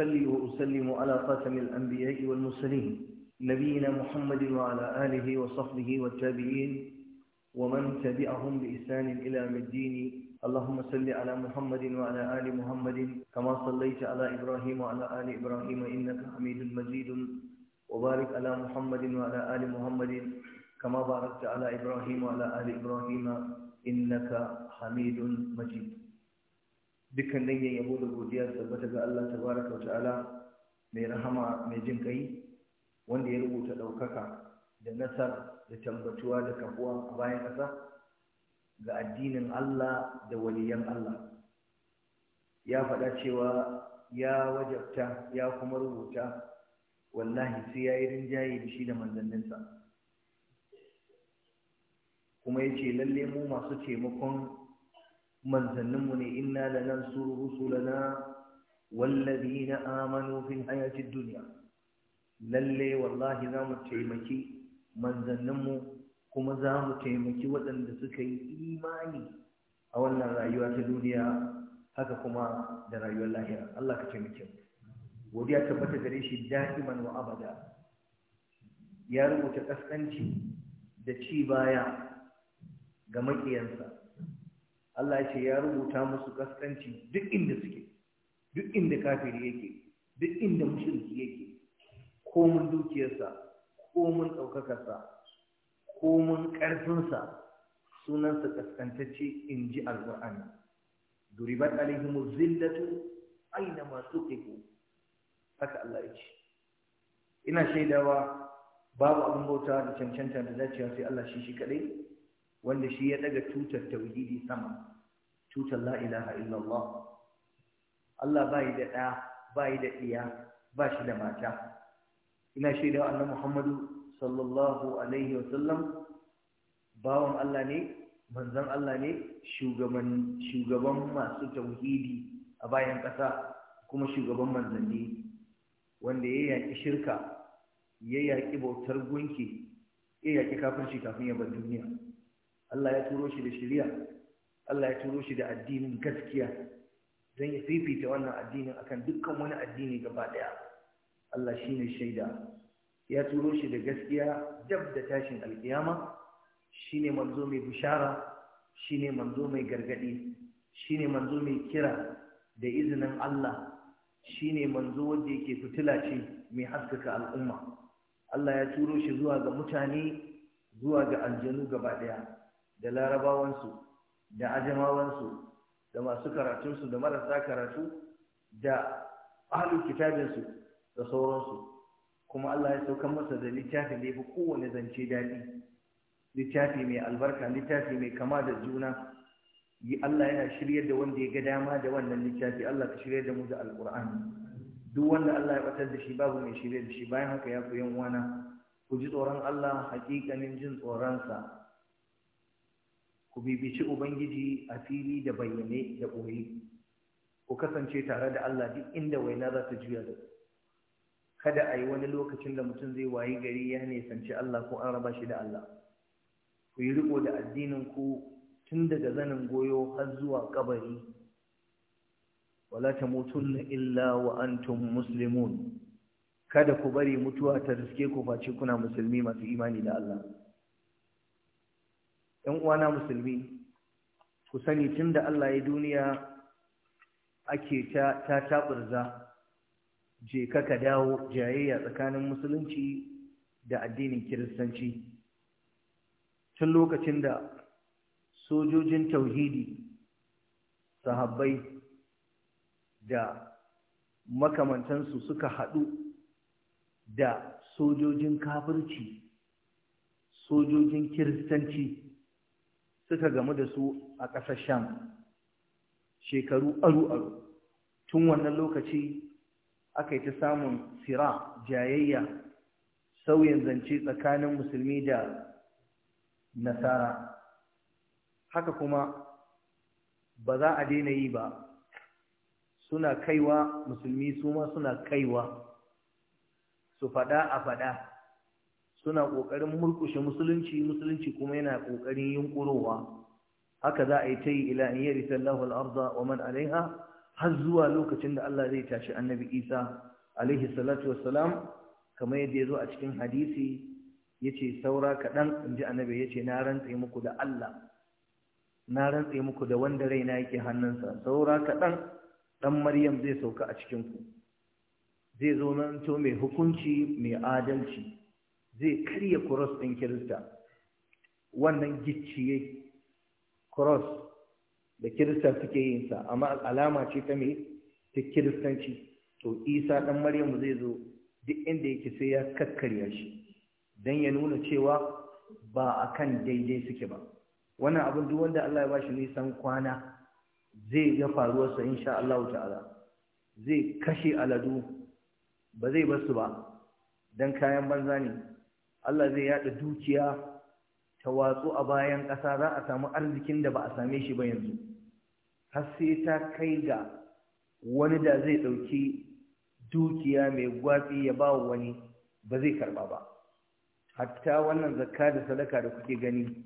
أصلي وأسلم على خاتم الأنبياء والمرسلين نبينا محمد وعلى آله وصحبه والتابعين ومن تبعهم بإحسان إلى مدين اللهم صل على محمد وعلى آل محمد كما صليت على إبراهيم وعلى آل إبراهيم إنك حميد مجيد وبارك على محمد وعلى آل محمد كما باركت على إبراهيم وعلى آل إبراهيم إنك حميد مجيد dukkan dangin yabo da godiya su tabbata ga Allah baraka wa ta'ala mai rahama mai jin kai wanda ya rubuta ɗaukaka da nasar da tambatuwa da kafuwa a bayan ƙasa ga addinin Allah da waliyan Allah ya faɗa cewa ya wajabta ya kuma rubuta wallahi sai ya yi rinjaye da shi da manzanninsa kuma ya ce lalle mu masu taimakon manzanninmu ne inna da nan su rusulana wallazi na amanu fil hayatid duniya lalle wallahi za mu taimaki manzanninmu kuma za mu taimaki waɗanda suka yi imani a wannan rayuwa ta duniya haka kuma da rayuwar lahira Allah ka taimake mu godiya tabbata gare shi da'iman wa abada ya rubuta kaskanci da ci baya ga maƙiyansa. Allah ya ce ya rubuta musu kaskanci duk inda suke duk inda kafiri yake duk inda mushriki yake komun dukiyarsa komun ɗaukakarsa komun ƙarfinsa sunansa kaskantacce in ji alƙur'ani duribat alaihimu zillatu aina masu teku. haka Allah ya ce ina shaidawa babu abin bauta da cancanta da dacewa sai Allah shi shi kaɗai wanda shi ya daga tutar tauhidi sama tutar la ilaha illallah Allah bai da ɗa bai da iya ba shi da mata ina shaida annabi Muhammadu sallallahu alaihi wa sallam bawan Allah ne manzon Allah ne shugaban masu tauhidi a bayan ƙasa kuma shugaban manzanni wanda ya yaƙi shirka ya yaƙi bautar gunki ya yaƙi shi kafin ya bar duniya Allah ya turo shi da shari'a Allah ya turo shi da addinin gaskiya Zan ya fifita wannan addinin akan dukkan wani addini gaba daya Allah shine shaida ya turo shi da gaskiya dab da tashin alkiyama shine manzo mai bishara shine manzo mai gargadi shine manzo mai kira da izinin Allah shine manzo wanda yake fitila ce mai haskaka al'umma Allah ya turo shi zuwa ga mutane zuwa ga aljanu gaba daya da larabawansu da ajamawansu da masu karatunsu da marasa karatu da ahalin kitabinsu da sauransu kuma Allah ya saukan masa da littafi da fi kowane zance daɗi littafi mai albarka littafi mai kama da juna yi Allah yana shiryar da wanda ya ga dama da wannan littafi Allah ka shiryar da mu da alƙur'ani duk wanda Allah ya batar da shi babu mai shirya da shi bayan haka ya ku yan uwana ku ji tsoron Allah hakikanin jin tsoronsa ku bibici ubangiji a fili da bayyane da ɓoye ku kasance tare da Allah duk inda waina za ta juya da kada a yi wani lokacin da mutum zai wayi gari ya nisanci Allah ko an raba shi da Allah ku yi riko da addinin ku tun daga zanin goyo har zuwa kabari wala tamutunna illa wa antum muslimun kada ku bari mutuwa ta riske ku face kuna musulmi masu imani da Allah ‘yan uwana musulmi ku sani tun da Allah ya duniya ake ta taɓurza je kaka dawo jayayya tsakanin musulunci da addinin kiristanci tun lokacin da sojojin tauhidi sahabbai da makamantansu suka haɗu da sojojin kafirci sojojin kiristanci suka gamu da su a ƙasashen shekaru aru-aru tun wannan lokaci aka yi ta samun sira jayayya sauyin zance tsakanin musulmi da nasara haka kuma ba za a daina yi ba suna kaiwa musulmi suma suna kaiwa su faɗa a faɗa suna ƙoƙarin murƙushe musulunci musulunci kuma yana ƙoƙarin yunƙurowa haka za a yi ta yi ila in yari sallahu al'arza wa man alaiha har zuwa lokacin da Allah zai tashi annabi Isa alaihi salatu wassalam kamar yadda ya zo a cikin hadisi ya ce saura kaɗan in annabi ya ce na rantse muku da Allah na rantse muku da wanda raina yake hannunsa saura kaɗan ɗan Maryam zai sauka a cikinku zai zo nan to mai hukunci mai adalci zai karya cross ɗin kirista wannan gicciye cross da kirista suke yin sa amma alama ce ta me ta kiristanci to isa ɗan maryamu zai zo duk inda yake sai ya kakkarya shi don ya nuna cewa ba a kan daidai suke ba wannan abin duk wanda Allah ya ba shi nisan kwana zai ga faruwarsa insha Allah ta'ala zai kashe aladu ba zai basu ba don kayan banza ne Allah zai yada dukiya ta watsu a bayan ƙasa za a samu arzikin da ba a same shi ba yanzu har sai ta kai ga wani da zai ɗauki dukiya mai gwatsi ya ba wani ba zai karɓa ba hatta wannan zakka da sadaka da kuke gani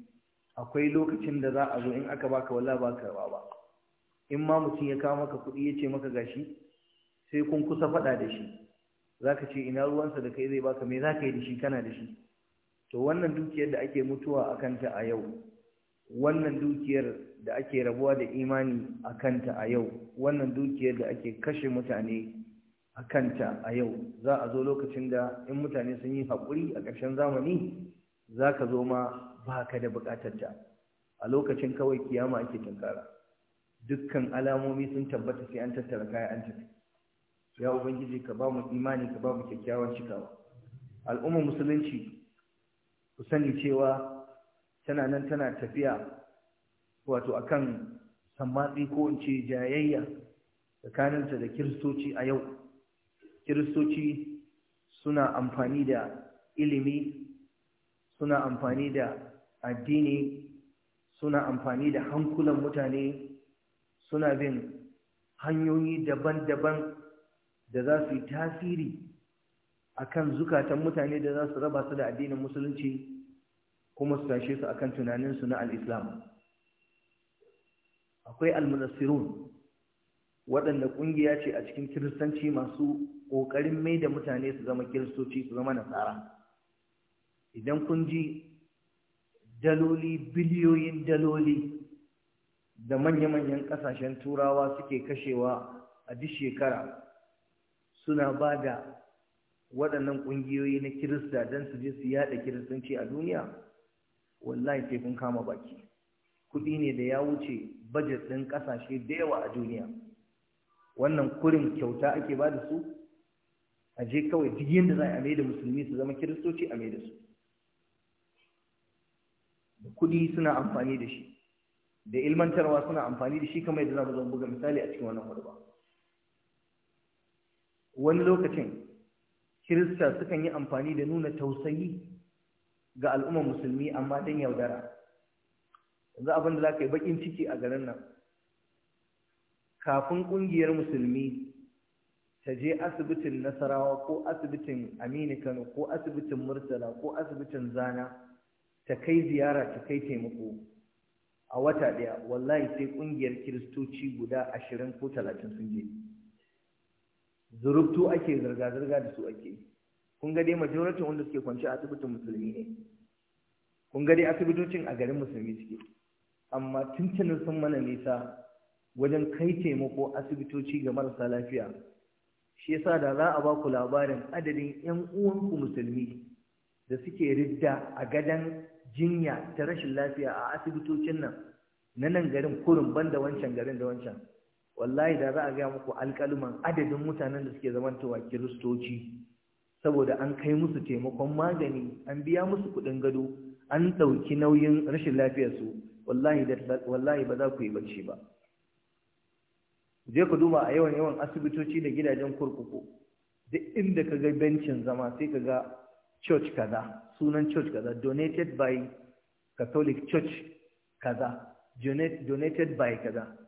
akwai lokacin da za a zo in aka baka wallahi ba karɓa ba in ma mutum ya kawo maka kuɗi ya ce maka gashi sai kun kusa faɗa da shi Za ka ce ina ruwansa da kai zai baka me ka yi da shi kana da shi to wannan dukiyar da ake mutuwa a kanta a yau wannan dukiyar da ake rabuwa da imani a kanta a yau wannan dukiyar da ake kashe mutane a kanta a yau za a zo lokacin da in mutane sun yi haƙuri a ƙarshen zamani za ka zo ma ba ka da buƙatarta a lokacin kawai kiyama ake tunkara dukkan alamomi sun tabbata sai an tattara kaya an tafi ya ubangiji ka ba mu imani ka ba mu kyakkyawan cikawa al'ummar musulunci ku sani cewa tana nan tana tafiya wato akan sammatsi ko in ce jayayya tsakaninta da kiristoci a yau kiristoci suna amfani da ilimi suna amfani da addini suna amfani da hankulan mutane suna bin hanyoyi daban-daban da za su yi tasiri a kan zukatan mutane da za su raba su da addinin musulunci kuma su tashe su akan tunaninsu na al'islam akwai almunassirun waɗanda ƙungiya ce a cikin kiristanci masu ƙoƙarin mai da mutane su zama kiristoci su zama nasara idan kun ji daloli biliyoyin daloli da manya-manyan ƙasashen turawa suke kashewa a duk shekara suna ba da waɗannan ƙungiyoyi na kirista don su je su yaɗa kiristanci a duniya wallahi sai kun kama baki kuɗi ne da ya wuce bajet ɗin ƙasashe da yawa a duniya wannan kurin kyauta ake ba da su a je kawai duk yadda za a mai da musulmi su zama kiristoci a mai da su kuɗi suna amfani da shi da ilmantarwa suna amfani da shi kamar yadda za mu zama buga misali a cikin wannan hudu ba wani lokacin kirista sukan yi amfani da nuna tausayi ga al'ummar musulmi amma don yaudara yanzu abinda da za ka yi baƙin ciki a garin nan kafin ƙungiyar musulmi ta je asibitin nasarawa ko asibitin aminu kano ko asibitin murtala ko asibitin zana ta kai ziyara ta kai taimako a wata ɗaya wallahi sai ƙungiyar kiristoci guda ashirin ko talatin sun je zurubtu ake zirga-zirga da su ake kun ga dai wanda suke kwanci a asibitin musulmi ne kun ga dai asibitocin a garin musulmi suke amma tuntunin sun mana nisa wajen kai taimako asibitoci ga marasa lafiya shi yasa da za a ba ku labarin adadin 'yan uwanku musulmi da suke ridda a gadon jinya ta rashin lafiya a asibitocin nan na nan garin kurin banda wancan garin da wancan wallahi da za a gaya muku alƙaluman adadin mutanen da suke zamantowa kiristoci saboda an kai musu taimakon magani an biya musu kuɗin gado an ɗauki nauyin rashin lafiyarsu wallahi ba za ku yi bacci ba je ku duba a yawan yawan asibitoci da gidajen kurkuku duk inda ka ga bencin zama sai ka ga church kaza sunan church kaza donated by catholic church kaza donated by kaza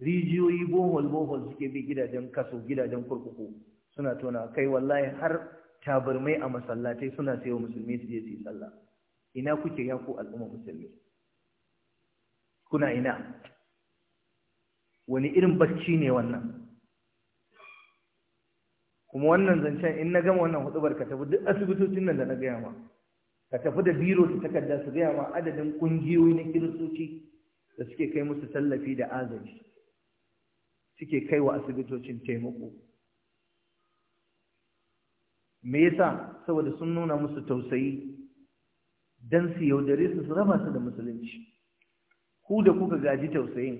rijiyoyi bohol bohol suke bi gidajen kaso gidajen kurkuku suna tona kai wallahi har tabarmai a masallatai suna sayo musulmi su je su yi sallah ina kuke ya ku al'umma musulmi kuna ina wani irin bacci ne wannan kuma wannan zancen in na gama wannan hudubar ka tafi duk asibitocin nan da na gaya ma ka tafi da biro su takarda su gaya ma adadin kungiyoyi na kiristoci da suke kai musu tallafi da agaji suke kai wa asibitocin taimako me yasa saboda sun nuna musu tausayi don su yaudare su su raba su da musulunci ku da kuka gaji tausayin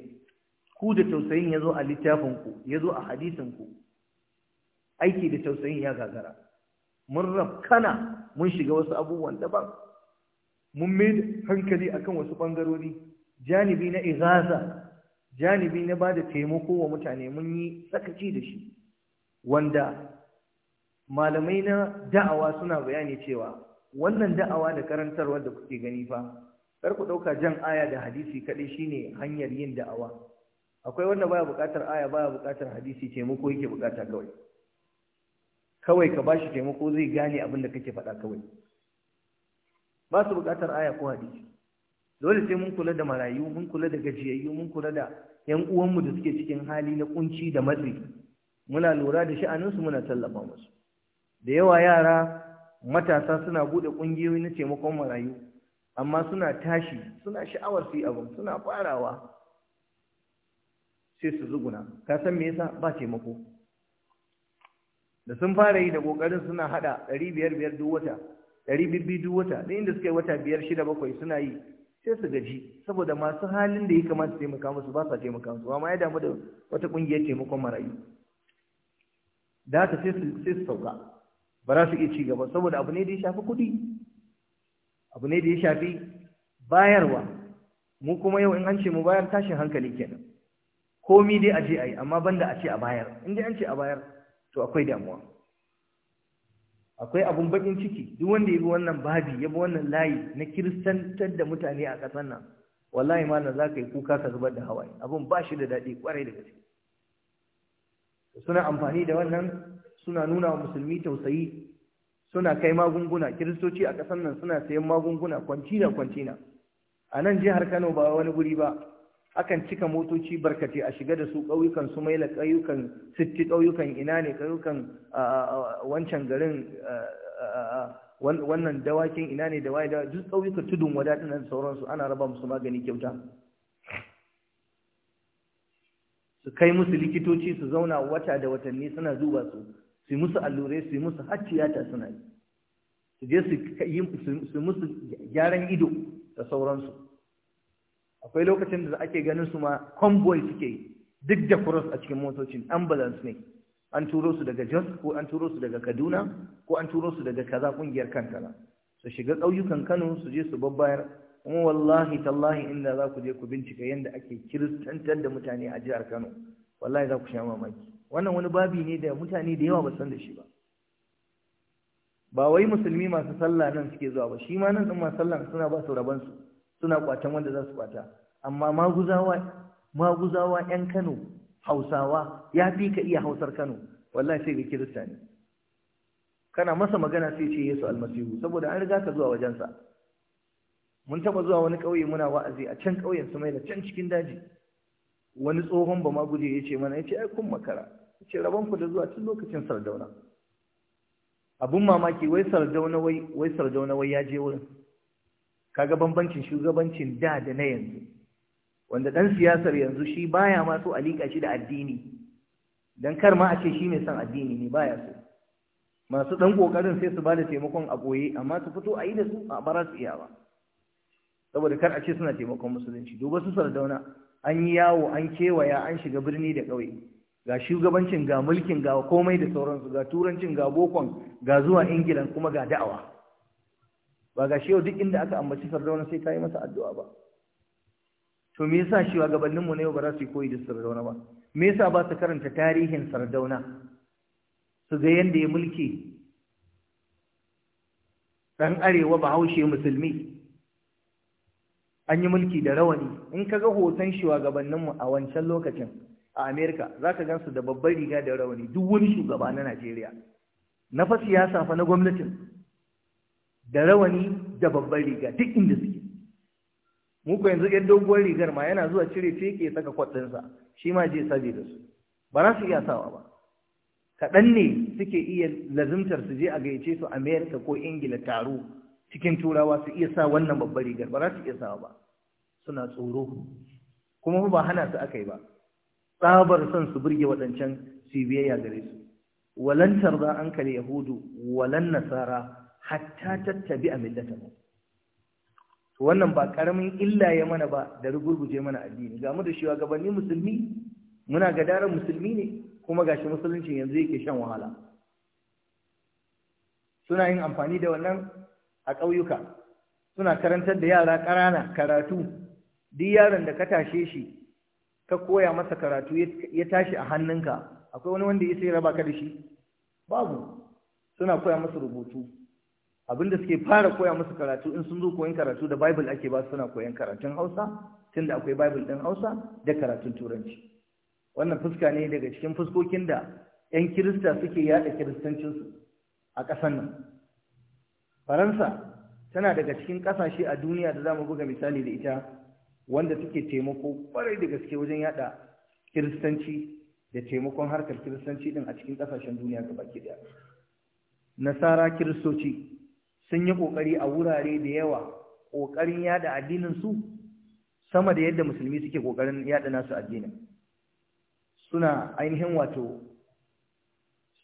ku da tausayin ya zo a littafinku ya zo a hadisinku aiki da tausayin ya gagara mun rafkana mun shiga wasu abubuwan daban mun mai hankali akan wasu ɓangarori janibi na igaza janibi na bada taimako wa mutane mun yi tsakaci da shi wanda malamai na da'awa suna bayani cewa wannan da'awa da karantarwa da kuke gani fa kar ku dauka jan aya da hadisi kadai shine hanyar yin da'awa akwai wanda baya buƙatar aya baya buƙatar hadisi taimako yake buƙata kawai kawai ka bashi taimako zai gane abin da kake faɗa kawai ba su buƙatar aya ko hadisi dole sai mun kula da marayu mun kula da gajiyayyu mun kula da yan uwanmu da suke cikin hali na kunci da matsi muna lura da sha'aninsu muna tallafa musu da yawa yara matasa suna bude kungiyoyi na taimakon marayu amma suna tashi suna sha'awar su yi abu suna farawa sai su zuguna ka san me yasa ba taimako da sun fara yi da kokarin suna hada 500 duk wata 200 duk wata da inda suka wata biyar shida bakwai suna yi sai su gaji saboda masu halin da ya kamata su taimaka musu ba sa taimaka musu amma ya damu da wata kungiyar taimakon marayu da haka sai su sauka ba za su iya ci gaba saboda abu ne da ya shafi kuɗi abu ne da ya shafi bayarwa mu kuma yau in an ce mu bayar tashin hankali kenan komi dai a je a yi amma banda a ce a bayar in dai an ce a bayar to akwai damuwa akwai abun bakin ciki duk wanda ya bi wannan babi ya bi wannan layi na kiristantar da mutane a ƙasar nan wallahi malam za ka yi kuka ka zubar da hawaye abun ba shi da daɗi kwarai da gaske suna amfani da wannan suna nuna wa musulmi tausayi suna kai magunguna kiristoci a ƙasar nan suna sayan magunguna kwancina na a nan jihar kano ba wani guri ba akan cika motoci barkatai a shiga da su ƙauyukan su maila ƙauyukan sitti ƙauyukan ina ne ƙauyukan wancan garin wannan dawakin ina ne da waye da duk ƙauyukan tudun wadatun nan sauransu ana raba musu magani kyauta su kai musu likitoci su zauna wata da watanni suna duba su su musu allurai su musu hacciyata suna yi su je su musu gyaran ido da sauransu akwai lokacin da ake ganin su ma convoy suke duk da cross a cikin motocin ambulance ne an turo su daga Jos ko an turo su daga Kaduna ko an turo su daga kaza kungiyar kankana su shiga ƙauyukan Kano su je su babbayar kuma wallahi tallahi inda za ku je ku bincika yadda ake kiristantar da mutane a jihar Kano wallahi za ku sha mamaki wannan wani babi ne da mutane da yawa ba san da shi ba ba wai musulmi masu sallah nan suke zuwa ba shi ma nan din masu sallah suna ba su rabansu suna kwatan wanda za su kwata amma maguzawa maguzawa yan Kano Hausawa ya fi ka iya Hausar Kano wallahi sai ga Kirista ne kana masa magana sai ce Yesu almasihu saboda an riga ka zuwa wajensa mun taba zuwa wani ƙauye muna wa'azi a can ƙauyen su mai da can cikin daji wani tsohon ba ma guje ya ce mana ya ce ai kun makara ya ce rabon ku da zuwa tun lokacin sardauna abun mamaki wai sardauna wai wai sardauna wai ya je wurin kaga bambancin shugabancin da da na yanzu wanda dan siyasar yanzu shi baya ma so alika shi da addini dan kar ma a ce shi mai son addini ne baya so masu dan kokarin sai su bada taimakon a boye amma su fito a yi da su a bara su iya ba saboda kar a ce suna taimakon musulunci duba su sardauna an yi yawo an kewaya an shiga birni da ƙauye ga shugabancin ga mulkin ga komai da sauransu ga turancin ga bokon ga zuwa ingilan kuma ga da'awa ba ga shi yau duk inda aka ambaci sardauna sai ka yi masa addu'a ba to me yasa shi gabaninmu na yau ba za su yi koyi da sardauna ba me yasa ba su karanta tarihin sardauna su ga yadda ya mulki Dan arewa bahaushe musulmi an yi mulki da rawani in ka ga hoton shugabanninmu a wancan lokacin a amerika za ka gan su da babbar riga da rawani duk wani shugaba na najeriya na fa siyasa fa na gwamnatin da rawani da babbar riga duk inda suke mu ko yanzu yan doguwar rigar ma yana zuwa cire feke ya saka kwadinsa shi ma je sabi da su ba za su iya sawa ba kaɗan ne suke iya lazimtar su je a gayyace su amerika ko ingila taro cikin turawa su iya sa wannan babbar rigar ba za su iya sawa ba suna tsoro kuma ba hana su aka yi ba tsabar son su burge waɗancan su biyayya gare su Walantar za an kare yahudu walan nasara hatta tattabi a millatahu wannan ba karamin illa ya mana ba da rugurguje mana addini ga mu da shiwa gabanin musulmi muna gadaran musulmi ne kuma gashi musulunci yanzu yake shan wahala suna yin amfani da wannan a ƙauyuka suna karantar da yara ƙarana karatu duk yaron da ka tashe shi ka koya masa karatu ya tashi a hannunka akwai wani wanda ya sai raba ka da shi babu suna koya masa rubutu abinda suke fara koya musu karatu in sun zo koyan karatu da bible ake ba suna koyan karatun hausa tunda akwai bible ɗin hausa da karatun turanci wannan fuska ne daga cikin fuskokin da 'yan kirista suke yada kiristancinsu a ƙasar nan faransa tana daga cikin ƙasashe a duniya da za mu buga misali da ita wanda suke taimako kwarai da gaske wajen yada kiristanci da taimakon harkar kiristanci din a cikin ƙasashen duniya gaba ki nasara kiristoci sun yi ƙoƙari a wurare da yawa ƙoƙarin yada addininsu, sama da yadda musulmi suke ƙoƙarin yada nasu addinin suna ainihin wato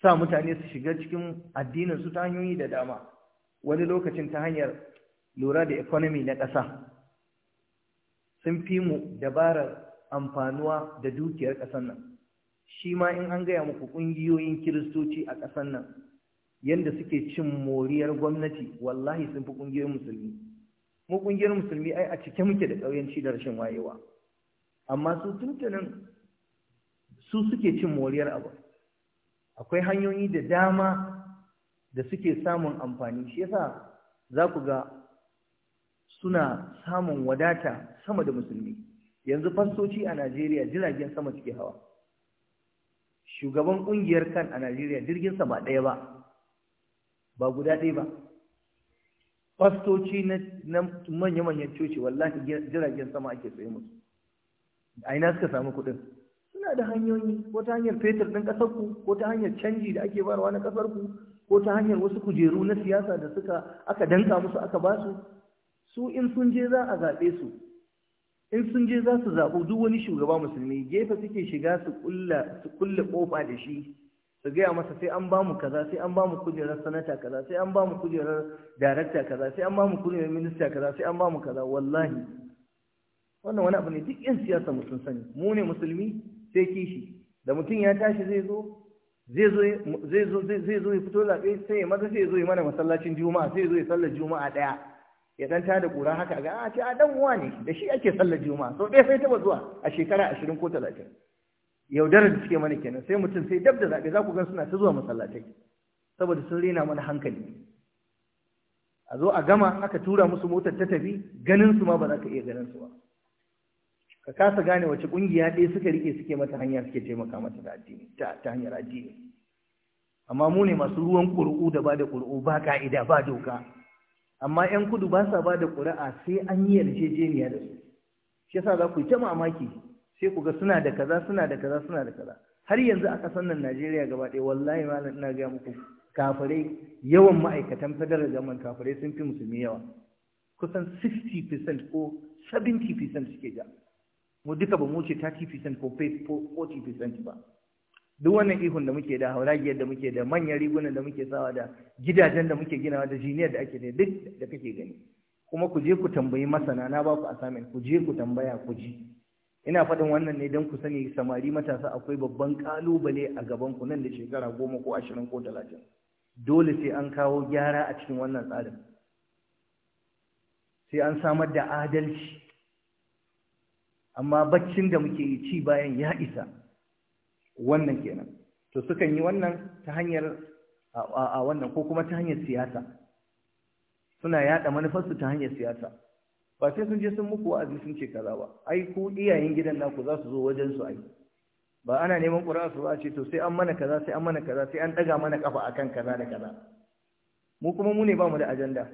sa mutane su shiga cikin addininsu ta hanyoyi da dama wani lokacin ta hanyar lura da economy na ƙasa sun fi mu dabarar amfanuwa da dukiyar ƙasar nan shi ma in an gaya muku ƙungiyoyin kiristoci a ƙasar nan yanda suke cin moriyar gwamnati wallahi sun fi ƙungiyar musulmi mu ƙungiyar musulmi ai a cike muke da ƙauyenci da rashin wayewa amma su tuntunan su suke cin moriyar abu akwai hanyoyi da dama da suke samun amfani shi yasa za ku ga suna samun wadata sama da musulmi yanzu fastoci a Najeriya jiragen sama suke hawa shugaban ƙungiyar kan a Najeriya jirgin sama ɗaya ba ba guda ɗaya ba fastoci na manya-manyan coci wallahi jiragen sama ake tsaye musu a ina suka samu kuɗin suna da hanyoyi ko ta hanyar fetur ɗin ƙasarku ko ta hanyar canji da ake barwa na ƙasarku ko ta hanyar wasu kujeru na siyasa da suka aka danka musu aka ba su su in sun je za a zaɓe su in sun je za su zaɓo duk wani shugaba musulmi gefe suke shiga su kulla ƙofa da shi su gaya masa sai an bamu kaza sai an bamu kujerar sanata kaza sai an bamu kujerar darakta kaza sai an bamu kujerar minista kaza sai an bamu kaza wallahi wannan wani abu ne duk yan siyasa mutum sani mu ne musulmi sai kishi da mutum ya tashi zai zo zai zo zai zo zai zo ya fito zaɓe sai ya maza zai ya zo ya mana masallacin juma'a sai ya zo ya sallar juma'a ɗaya ya dan tada kura haka ga a ce a dan uwa ne da shi ake sallar juma'a sau ɗaya sai taɓa zuwa a shekara ashirin ko talatin yaudarar da suke mana kenan sai mutum sai dab da zaɓe za ku gan suna ta zuwa masallatai saboda sun rena mana hankali a zo a gama aka tura musu motar ta tafi ganin su ma ba za ka iya ganin su ba ka kasa gane wace ƙungiya ɗaya suka rike suke mata hanya suke taimaka mata da addini ta hanyar addini amma mu ne masu ruwan ƙuri'u da ba da ƙuri'u ba ka'ida ba doka amma 'yan kudu ba sa ba da ƙuri'a sai an yi yarjejeniya da su shi yasa za ku yi ta mamaki sai ku ga suna da kaza suna da kaza suna da kaza har yanzu a ƙasar nan Najeriya gaba ɗaya wallahi malam ina ga muku kafirai yawan ma'aikatan federal government kafirai sun fi musulmi yawa kusan 60% ko 70% suke ja mu duka ba mu ce 30% ko 40% ba duk wannan ihun da muke da hauragiyar da muke da manyan rigunan da muke sawa da gidajen da muke ginawa da jiniyar da ake da duk da kake gani kuma ku je ku tambayi masana na ba ku assignment ku je ku tambaya ku ji ina faɗin wannan ne don ku sani samari matasa akwai babban ƙalubale a gaban ku nan da shekara goma ko ashirin ko talatin dole sai an kawo gyara a cikin wannan tsarin sai an samar da adalci amma baccin da muke yi ci bayan ya isa wannan kenan to sukan yi wannan ta hanyar a wannan ko kuma ta hanyar siyasa suna yada manufarsu ta hanyar siyasa ba sai sun je sun muku wa'azi sun ce kaza ba ai ku iyayen gidan naku za su zo wajen su ai ba ana neman ƙura'a su ba ce to sai an mana kaza sai an mana kaza sai an daga mana kafa akan kaza da kaza mu kuma mu ne ba da ajanda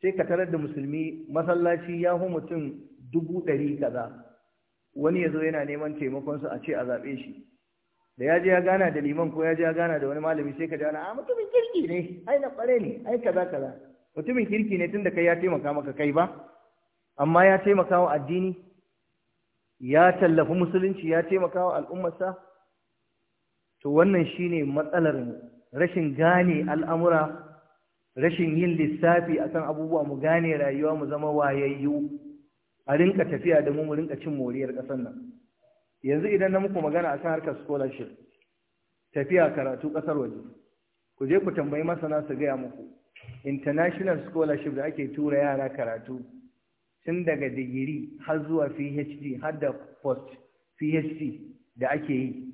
sai ka tarar da musulmi masallaci ya hu mutum dubu ɗari kaza wani ya zo yana neman taimakon su a ce a zaɓe shi da ya je ya gana da liman ko ya je ya gana da wani malami sai ka ji a ah, mutumin kirki ne ai na ƙware ne ai kaza kaza mutumin kirki ne tun da kai ya taimaka maka kai ba amma ya taimaka wa addini ya tallafi musulunci ya taimaka wa al'ummarsa to wannan shine matsalar rashin gane al'amura rashin yin lissafi akan abubuwa mu gane rayuwa mu zama wayayyu a rinka tafiya da mu mu rinka cin moriyar ƙasar nan yanzu idan na muku magana a kan harkar scholarship tafiya karatu ƙasar waje ku je ku tambayi masana su gaya muku international scholarship da ake tura yara karatu tun daga digiri har zuwa PhD har da post PhD da ake yi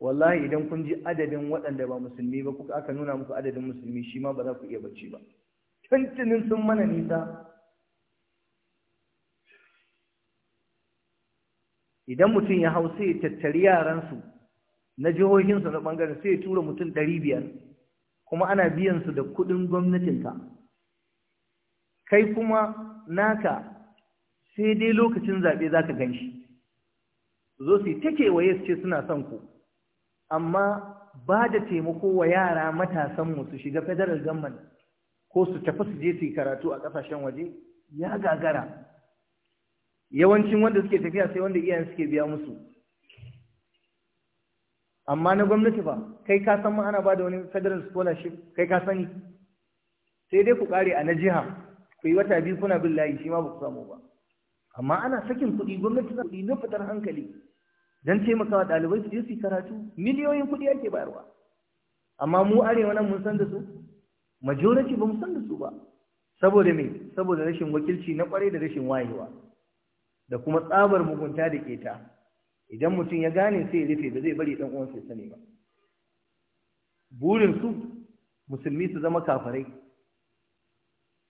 wallahi idan kun ji adadin waɗanda ba musulmi ba kuka aka nuna muku adadin musulmi shi ma ba za ku iya bacci ba tuntunin sun mana nisa idan mutum ya hau sai ya tattari yaransu na jihohinsu na ɓangaren sai ya tura mutum ɗari biyar kuma ana biyan su da kuɗin gwamnatinka kai kuma naka sai dai lokacin zaɓe za ka ganshi. zo su yi ta kewaye su ce suna son ku amma ba da taimako wa yara matasanmu su shiga federal government ko su tafi su je su yi karatu a ƙasashen waje ya gagara yawancin wanda suke tafiya sai wanda iyayen suke biya musu amma na gwamnati ba kai ka san ma ana ba da wani federal scholarship kai ka sani sai dai ku kare a na jiha ku yi wata biyu kuna bin layi shi ma ba ku samu ba amma ana sakin kuɗi gwamnati na kuɗi na fitar hankali don taimakawa ɗalibai su je su karatu miliyoyin kuɗi ake bayarwa amma mu arewa nan mun san da su majority ba mu san da su ba saboda me saboda rashin wakilci na kwarai da rashin wayewa da kuma tsabar mugunta da keta idan mutum ya gane sai ya rufe ba zai bari dan uwansa ya sani ba burin su musulmi su zama kafarai.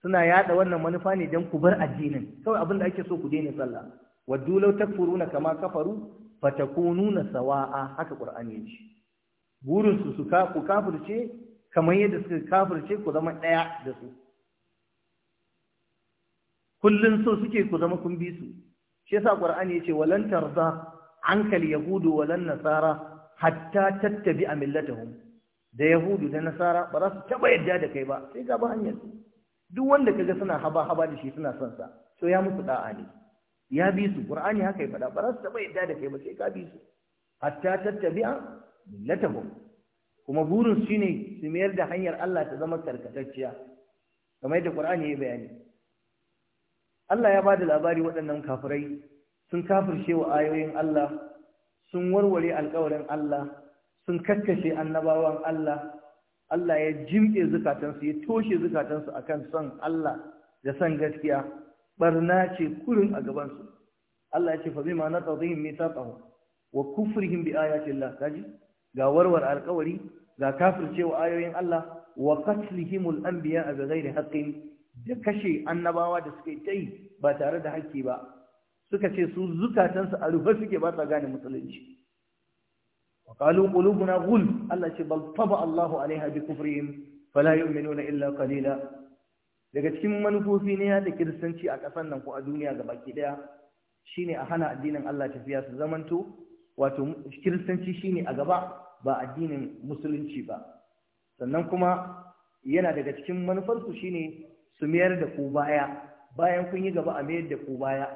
suna yada wannan manufa ne don ku bar addinin kawai abin da ake so ku daina sallah waddu law takfuruna kama kafaru fatakununa sawa'a haka qur'ani ce burin su su ku kafirce kamar yadda suka kafirce ku zama daya da su kullun so suke ku zama kun bi su shi yasa qur'ani ce walan tarza ankal yahudu walan nasara hatta tattabi'a millatahum da yahudu da nasara ba za su taba yadda da kai ba sai ga ba hanyar su duk wanda ka ga suna haba haba da shi suna son sa to ya musu da'a ne ya bi su qur'ani haka ya faɗa ba su yadda da kai ba sai ka bi su hatta tattabi'a millatahum kuma burin su ne su mayar da hanyar Allah ta zama karkatacciya kamar yadda qur'ani ya bayani Allah ya bada labari waɗannan kafirai sun kafirce wa ayoyin Allah sun warware alƙawarin Allah sun kakkashe annabawan Allah Allah ya jimɗe zukatansu ya toshe zukatansu a kan son Allah da son gaskiya Ɓarna ce kurin a gabansu Allah ya ce fa mai natadhihim mithaqahum wa kufrihim bi ayati Allah kaji ga warwar alƙawari ga kafircewa ayoyin Allah wa qatlihimul anbiya biya a haqqin da kashe annabawa da suka yi ta yi ba tare da haƙƙi ba suka ce su zukatansu a rufe suke ba ta gane musulunci وقالوا قلوبنا غل الله Allah ce طبع الله Allahu alaiha فلا يؤمنون الا قليلا illa daga cikin manufofi ne ya da kiristanci a ƙasar nan ko a duniya ga baki daya shine a hana addinin Allah tafiya su zamanto wato kiristanci shine a gaba ba addinin musulunci ba sannan kuma yana daga cikin manufarsu shine su mayar da ku baya bayan kun yi gaba a mayar da ku baya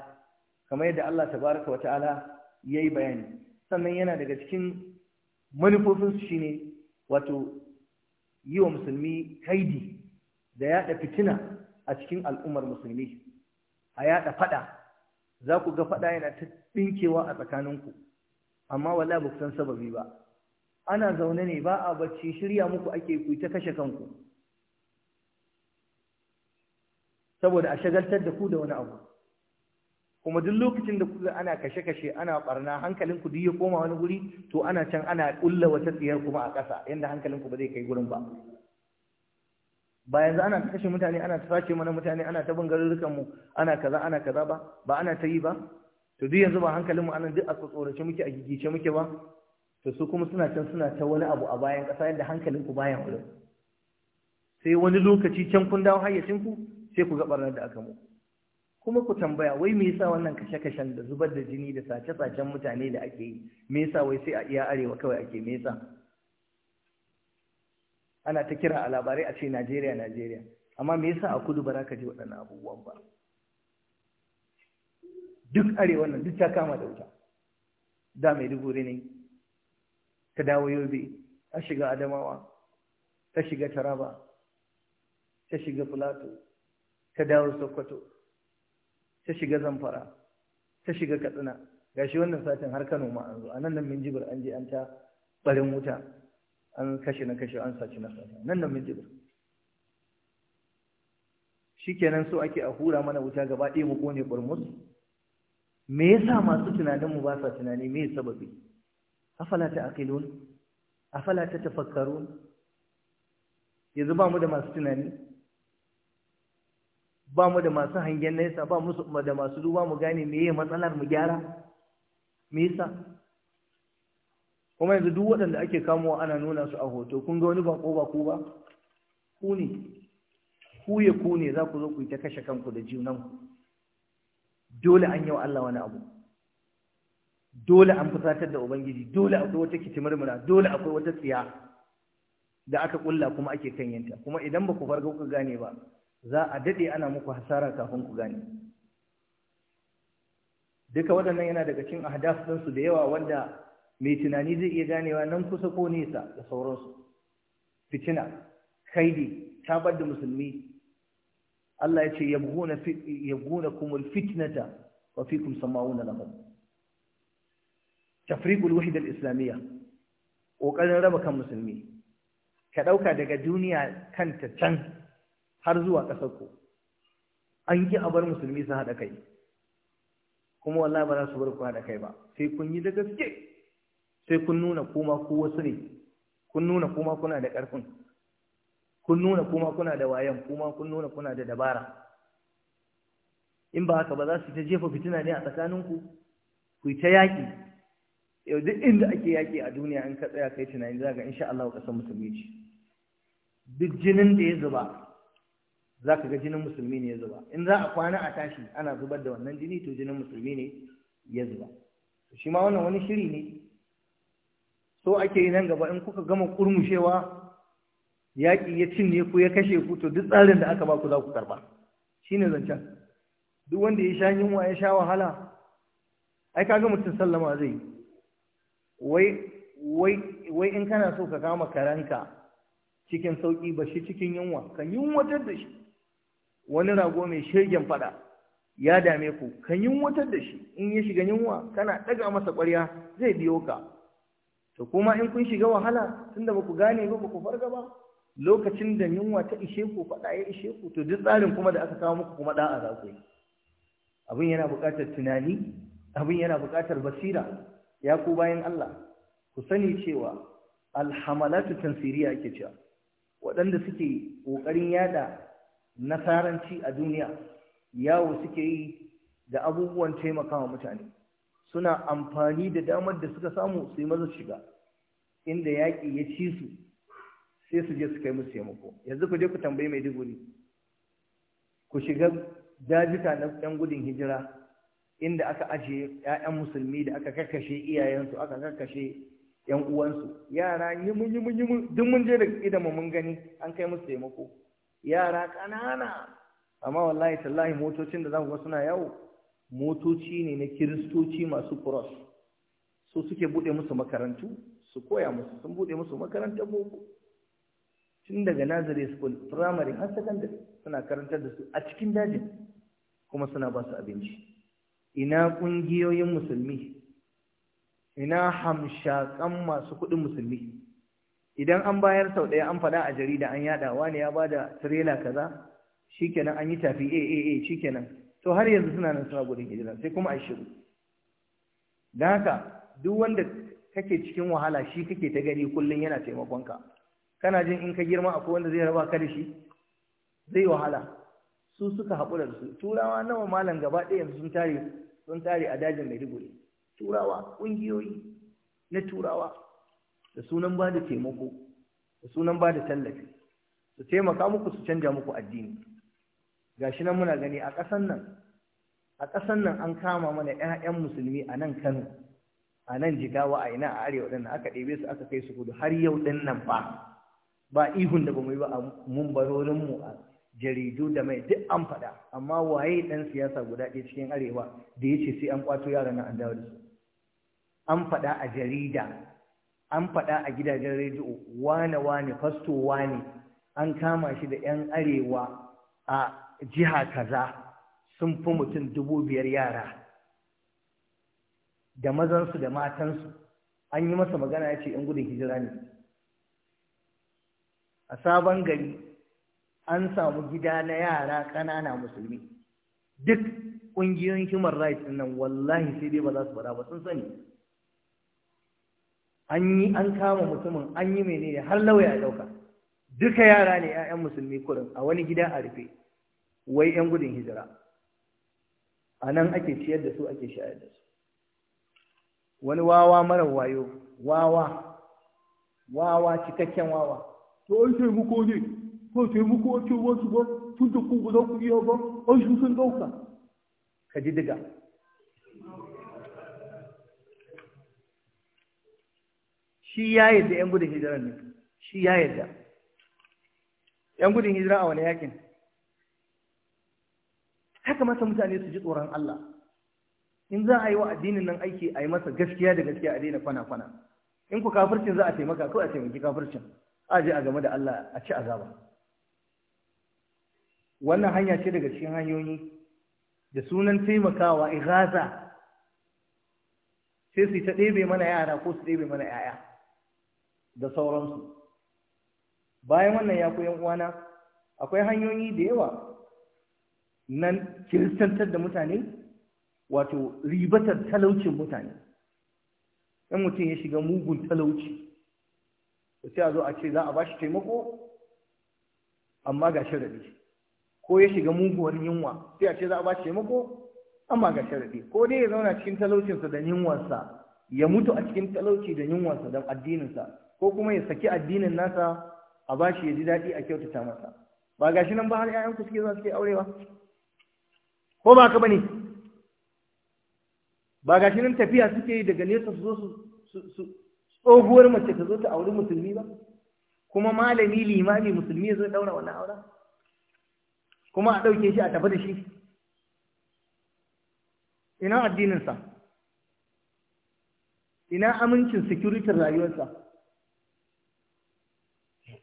kamar yadda Allah tabaraka wa ta'ala yayi bayani sannan yana daga cikin manufofin su shine wato yi wa musulmi kaidi da yaɗa fitina a cikin al'ummar musulmi a yaɗa faɗa za ku ga faɗa yana ta ɗinkewa a tsakaninku amma wala ba ku san sababi ba ana zaune ne ba a bacci shirya muku ake ku ta kashe kanku saboda a shagaltar da ku da wani abu kuma duk lokacin da kuka ana kashe-kashe ana barna hankalin ku duk ya koma wani guri to ana can ana kulla wata tsiyar kuma a ƙasa yanda hankalin ku ba zai kai gurin ba ba yanzu ana kashe mutane ana sace mana mutane ana ta bangarurukan mu ana kaza ana kaza ba ba ana ta yi ba to duk yanzu ba hankalin mu anan duk a tsorace muke a gigice muke ba to su kuma suna can suna ta wani abu a bayan ƙasa yadda hankalin ku bayan wurin sai wani lokaci can kun dawo hayyacin ku sai ku ga barnar da aka muku kuma ku tambaya wai me yasa wannan kashe-kashen da zubar da jini da sace-sacen mutane da ake yi me yasa wai sai a iya arewa kawai ake me yasa ana ta kira a labarai a ce Najeriya Najeriya amma me yasa a kudu ba za ka ji waɗannan abubuwan ba duk arewa nan duk ta kama da wuta da mai duguri ne ta dawo yobe ta shiga adamawa ta shiga taraba ta shiga filato ta dawo sokoto ta shiga zamfara ta shiga katsina gashi wannan satin har kano ma an zo a nan nan min jibir an je an ta barin wuta an kashe na kashe an saci na saci nan nan min jibir shikenan so ake a hura mana wuta gaba ɗaya mu kone burmus me yasa masu tunanin mu ba sa tunani me sababi afala ta aqilun afala ta tafakkarun yanzu ba mu da masu tunani ba mu da masu hangen nesa ba mu da masu duba mu gane me yi matsalar mu gyara me yasa kuma yanzu duk waɗanda ake kamowa ana nuna su a hoto kun ga wani bako ba ku ba ku ne ku ya ku ne za ku zo ku yi ta kashe kanku da ku? dole an yi wa Allah wani abu dole an fusatar da ubangiji dole akwai wata kitimirmira dole akwai wata tsiya da aka kulla kuma ake kanyanta kuma idan ba ku farga ku gane ba za a daɗe ana muku hasara kafin ku gane duka waɗannan yana daga cikin ahdaf su da yawa wanda mai tunani zai iya ganewa nan kusa ko nesa da sauransu fitina kaidi tabar da musulmi Allah ya ce yabguna kumul fitnata wa fikum sama'una lahum tafriqul wahda islamiyya kokarin raba kan musulmi ka ɗauka daga duniya kanta can har zuwa ƙasar ku an ki a bar musulmi su haɗa kai kuma wallahi ba za su bar ku haɗa kai ba sai kun yi da gaske sai kun nuna kuma ku wasu ne kun nuna kuma kuna da ƙarfin kun nuna kuma kuna da wayan kuma kun nuna kuna da dabara in ba haka ba za su ta jefa fitina ne a tsakaninku ku yi ta yaƙi yau duk inda ake yaƙi a duniya in ka tsaya kai tunani za ga insha Allah ka san musulmi ce duk jinin da ya zuba za ka ga jinin musulmi ne ya zuba in za a kwana a tashi ana zubar da wannan jini to jinin musulmi ne ya zuba shi ma wannan wani shiri ne so ake yi nan gaba in kuka gama kurmushewa yaƙi ya cinye ku ya kashe ku to duk tsarin da aka ba ku za ku karba shine zancen duk wanda ya sha yunwa ya sha wahala ai ga mutum sallama zai wai wai wai in kana so ka kama karanka cikin sauki ba shi cikin yunwa ka yunwatar da shi wani rago mai shegen fada ya dame ku ka yunwatar da shi in ya shiga yunwa kana daga masa ƙwarya zai biyo ka to kuma in kun shiga wahala tunda ba ku gane ba ba ku farga ba lokacin da yunwa ta ishe ku fada ya ishe ku to duk tsarin kuma da aka kawo muku kuma da a zaku abin yana buƙatar tunani abin yana buƙatar basira ya ku bayan Allah ku sani cewa alhamalatu tansiriya ake cewa waɗanda suke ƙoƙarin yada nasaranci a duniya yawo suke yi da abubuwan taimakawa mutane suna amfani da damar da suka samu su yi maza shiga inda yaƙi ya ci su sai su je su kai musu taimako yanzu ku je ku tambayi mai duguri ku shiga dajika na ɗan gudun hijira inda aka ajiye 'ya'yan musulmi da aka karkashe iyayensu aka karkashe yan uwansu yara yi mun yi mun yi mun duk mun je da idan mun gani an kai musu taimako yara ƙanana amma wallahi tallahi motocin da za ku ga suna yawo motoci ne na kiristoci masu cross su suke bude musu makarantu su koya musu sun bude musu makarantar boko tun daga nazari school primary har secondary suna karantar da su a cikin dajin kuma suna ba su abinci ina ƙungiyoyin musulmi ina hamshakan masu kuɗin musulmi idan an bayar sau ɗaya an faɗa a jarida an yada wani ya bada tirela kaza shikenan an yi tafi aaa eh, eh, eh, shikenan to har yanzu suna nan suna gudun hijira sai kuma a shiru don haka duk wanda kake cikin wahala shi kake ta gani kullum yana taimakonka kana jin in ka girma akwai wanda zai raba ka da shi zai wahala su suka haƙura da su turawa nawa malam gaba ɗaya yanzu sun tare sun tare a dajin maiduguri turawa ƙungiyoyi na turawa da sunan ba da taimako da sunan ba da tallafi su taimaka muku su canja muku addini gashi nan muna gani a ƙasan nan a ƙasan nan an kama mana 'ya'yan musulmi a nan kano a nan jigawa a ina a arewa ɗin aka ɗebe su aka kai su kudu har yau ɗin nan ba ba ihun da ba mu yi ba a mu a jaridu da mai duk an faɗa amma waye ɗan siyasa guda ɗaya cikin arewa da ya ce sai an ƙwato yaran nan an dawo da su an faɗa a jarida an faɗa a gidajen rediyo wane wane fasto wane an kama shi da 'yan arewa a jiha kaza sun fi mutum dubu biyar yara da mazansu da matansu an yi masa magana ya ce in gudun hijira ne a sabon gari an samu gida na yara ƙanana musulmi duk ƙungiyoyin human rights nan wallahi sai dai ba za su faɗa ba sun sani an yi an kama mutumin an yi menene har lauya ya dauka duka yara ne 'ya'yan musulmi kurin a wani gida a rufe wai 'yan gudun hijira a nan ake ciyar da su ake shayar da su wani wawa mara wayo wawa wawa cikakken wawa to an taimako ne ko taimako a ce wasu ba tun da ku ba za ku iya ba an shi sun dauka ka ji diga shi ya yadda yan gudun ne shi ya yadda yan gudun hijira a wani yakin haka masa mutane su ji tsoron Allah in za a yi wa addinin nan aiki a yi masa gaskiya da gaskiya a daina kwana-kwana in ku kafircin za a taimaka ko a taimaki kafircin a je a game da Allah a ci azaba wannan hanya ce daga cikin hanyoyi da sunan taimakawa igaza sai su ta ɗebe mana yara ko su ɗebe mana 'ya'ya da sauransu bayan wannan ya koyan uwana akwai hanyoyi da yawa nan kiristantar da mutane wato ribatar talaucin mutane ɗan mutum ya shiga mugun talauci sai a zo a ce za a ba shi taimako amma ga sharadi ko ya shiga muguwar yunwa sai a ce za a ba shi taimako amma ga sharadi ko dai ya zauna cikin talaucinsa da yunwarsa ya mutu a cikin talauci da yunwarsa don addininsa ko kuma ya saki addinin nasa a bashi ya ji daɗi a kyautata masa ba gashi nan ba har ƴaƴanku suke zuwa suke aurewa ko ba ka bane ba gashi nan tafiya suke yi daga nesa su zo su tsohuwar mace ta zo ta auri musulmi ba kuma malami limami musulmi ya zo daura wannan aura kuma a ɗauke shi a tafi da shi ina addininsa ina amincin security rayuwarsa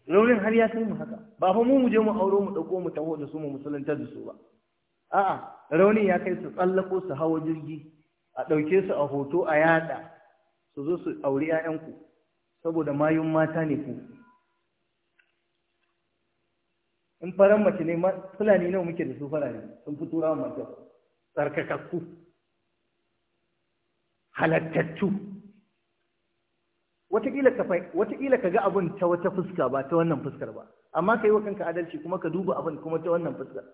raunin har ya kai mu haka ba fa mu muje mu auro mu ɗauko mu taho da su mu musulunta da su ba a'a raunin ya kai su tsallako su hawa jirgi a ɗauke su a hoto a yada su zo su auri ku saboda mayun mata ne ku in faran mace ne fulani nawa muke da su fulani sun fi rawa masu tsarkakakku halattattu wataƙila ka ga abin ta wata fuska ba ta wannan fuskar ba amma ka yi wa kanka adalci kuma ka duba abin kuma ta wannan fuskar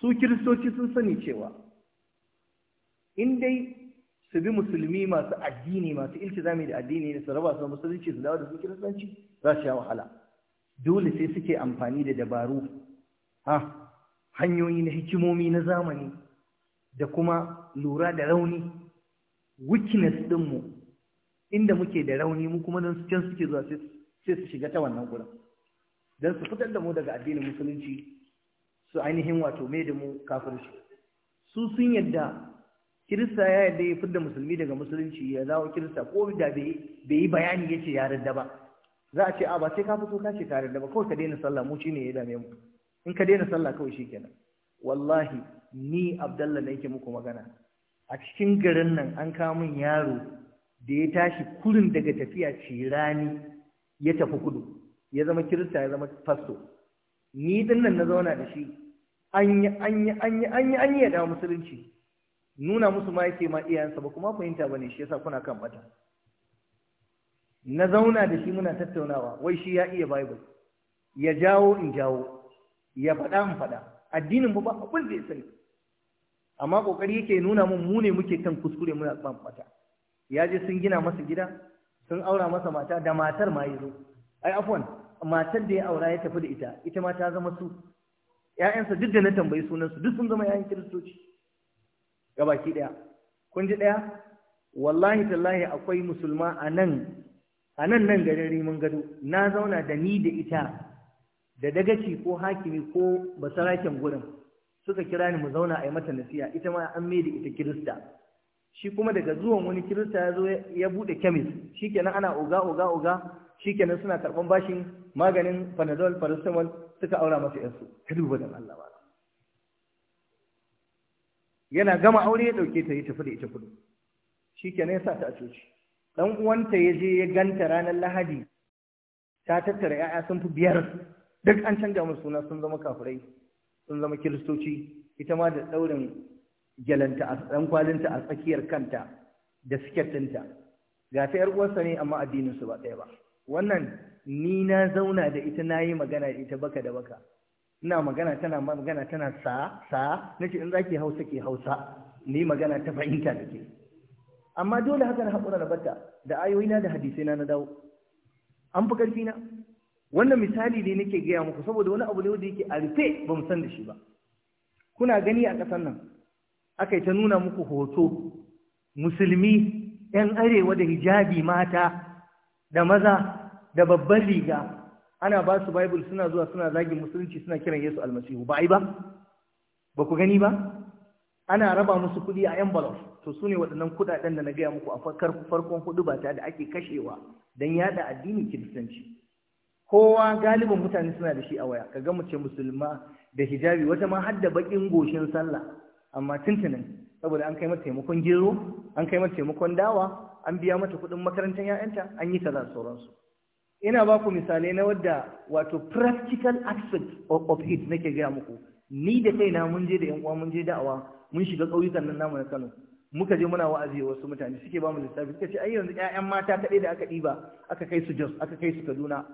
su kiristoci sun sani cewa in dai su bi musulmi masu addini masu iltizami da addini da su raba su musulunci su dawo da su kiristanci za su sha wahala dole sai suke amfani da dabaru ha hanyoyi na hikimomi na zamani da kuma lura da rauni weakness dinmu inda muke da rauni mu kuma nan can suke zuwa sai su shiga ta wannan gurin don su fitar da mu daga addinin musulunci su ainihin wato mai da mu kafirci su sun yadda kirista ya yadda ya fitar musulmi daga musulunci ya zawo kirista ko da bai yi bayani ya ce ya radda ba za a ce a ba sai ka fito ka ce ka radda ba kawai ka daina sallah mu shi ne ya dame mu in ka daina sallah kawai shi kenan wallahi ni abdallah na yake muku magana a cikin garin nan an mun yaro da ya tashi kurin daga tafiya rani ya tafi kudu ya zama kirista ya zama fasto ni din nan na zauna da shi an yi an yi an yi an yi musulunci nuna musu ma yake ma iyayensa ba kuma fahimta bane shi yasa kuna kan bata na zauna da shi muna tattaunawa wai shi ya iya bible ya jawo in jawo ya faɗa in faɗa addinin ba abin da ya sani amma kokari yake nuna mun mu ne muke kan kuskure muna bambata ya je sun gina masa gida sun aura masa mata da matar ma yazo ai afwan matar da ya aura ya tafi da ita ita ma ta zama su ƴaƴansa duk da na tambayi sunan su duk sun zama ƴaƴan kiristoci gabaki daya kun ji daya wallahi tallahi akwai musulma a nan a nan nan garin rimin gado na zauna da ni da ita da dagaci ko hakimi ko basaraken gurin suka kira ni mu zauna a yi mata nasiya. ita ma an mai da ita kirista shi kuma daga zuwan wani kirista ya zo ya bude kemis kenan ana oga oga oga kenan suna karɓan bashin maganin panadol paracetamol suka aura masa yansu ta duba da Allah ba yana gama aure ya ɗauke ta yi tafi da ita kudu kenan ya sa ta a coci dan uwanta ya je ya ganta ranar lahadi ta tattara 'ya'ya sun fi biyar duk an canja musu suna sun zama kafirai sun zama kiristoci ita ma da ɗaurin gyalanta a ɗan kwalinta a tsakiyar kanta da siketinta ga ta ‘yar uwarsa ne amma addininsu ba ɗaya ba wannan ni na zauna da ita na yi magana da ita baka da baka ina magana tana magana tana sa sa nace in zaki hausa ke hausa ni magana ta fahimta da amma dole haka na haƙura da bata da ayoyina da hadisai na na dawo an fi ƙarfi na wannan misali ne nake gaya muku saboda wani abu ne wanda yake a rufe ba mu san da shi ba kuna gani a ƙasar nan aka yi ta nuna muku hoto musulmi 'yan arewa da hijabi mata da maza da babban riga ana ba su bible suna zuwa suna zagin musulunci suna kiran yesu almasihu ba ai ba ba ku gani ba ana raba musu kuɗi a envelope to su ne waɗannan kuɗaɗen da na gaya muku a farkon hudu ba ta da ake kashewa don yaɗa addinin kiristanci kowa galibin mutane suna da shi a waya ka kaga mace musulma da hijabi wata ma har da bakin goshin sallah amma tuntunin saboda an kai mata taimakon gero an kai mata taimakon dawa an biya mata kuɗin makarantar 'ya'yanta an yi kaza sauransu ina ba ku misalai na wadda wato practical aspect of it nake gaya muku ni da kaina mun je da yan uwa mun je da'awa mun shiga ƙauyukan nan namu na Kano muka je muna wa'azi wasu mutane suke ba mu lissafi suka ce ai yanzu ƴaƴan mata kaɗai da aka ɗiba aka kai su Jos aka kai su Kaduna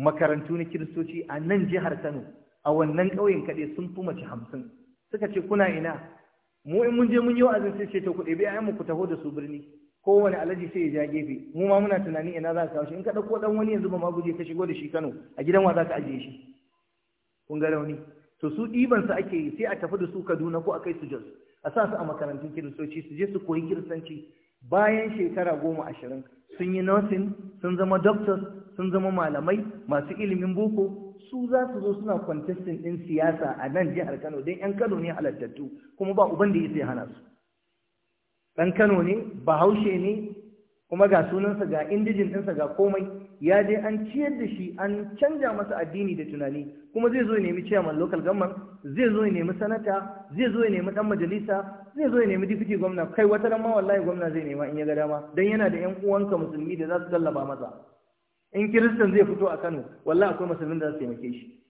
makarantu na kiristoci a nan jihar Kano a wannan ƙauyen kaɗai sun fi mace hamsin suka ce kuna ina mu in mun je mun yi wa'azin sai ce to ku ɗebi ku taho da su birni kowane alaji sai ya ja gefe mu ma muna tunanin ina za ka kawo shi in ka ɗauko ɗan wani yanzu ba ma guje ka shigo da shi Kano a gidan wa za ka ajiye shi kun ga rauni to su ɗiban su ake yi sai a tafi da su Kaduna ko a kai su Jos a sa su a makarantun kiristoci su je su koyi kiristanci bayan shekara goma ashirin sun yi nursing sun zama doctors sun zama malamai masu ilimin boko su za su zo suna contesting din siyasa a nan jihar Kano don yan Kano ne halattattu kuma ba uban da yake hana su dan Kano ne Bahaushe ne kuma ga sunansa ga indijin ɗinsa ga komai ya je an ciyar da shi an canja masa addini da tunani kuma zai zo ya nemi chairman local government zai zo ya nemi sanata zai zo ya nemi dan majalisa zai zo ya nemi deputy gwamna kai wata ran ma wallahi gwamna zai nema in ya ga dama dan yana da yan uwanka musulmi da za su tallaba masa in kiristan zai fito a Kano wallahi akwai musulmin da za su taimake shi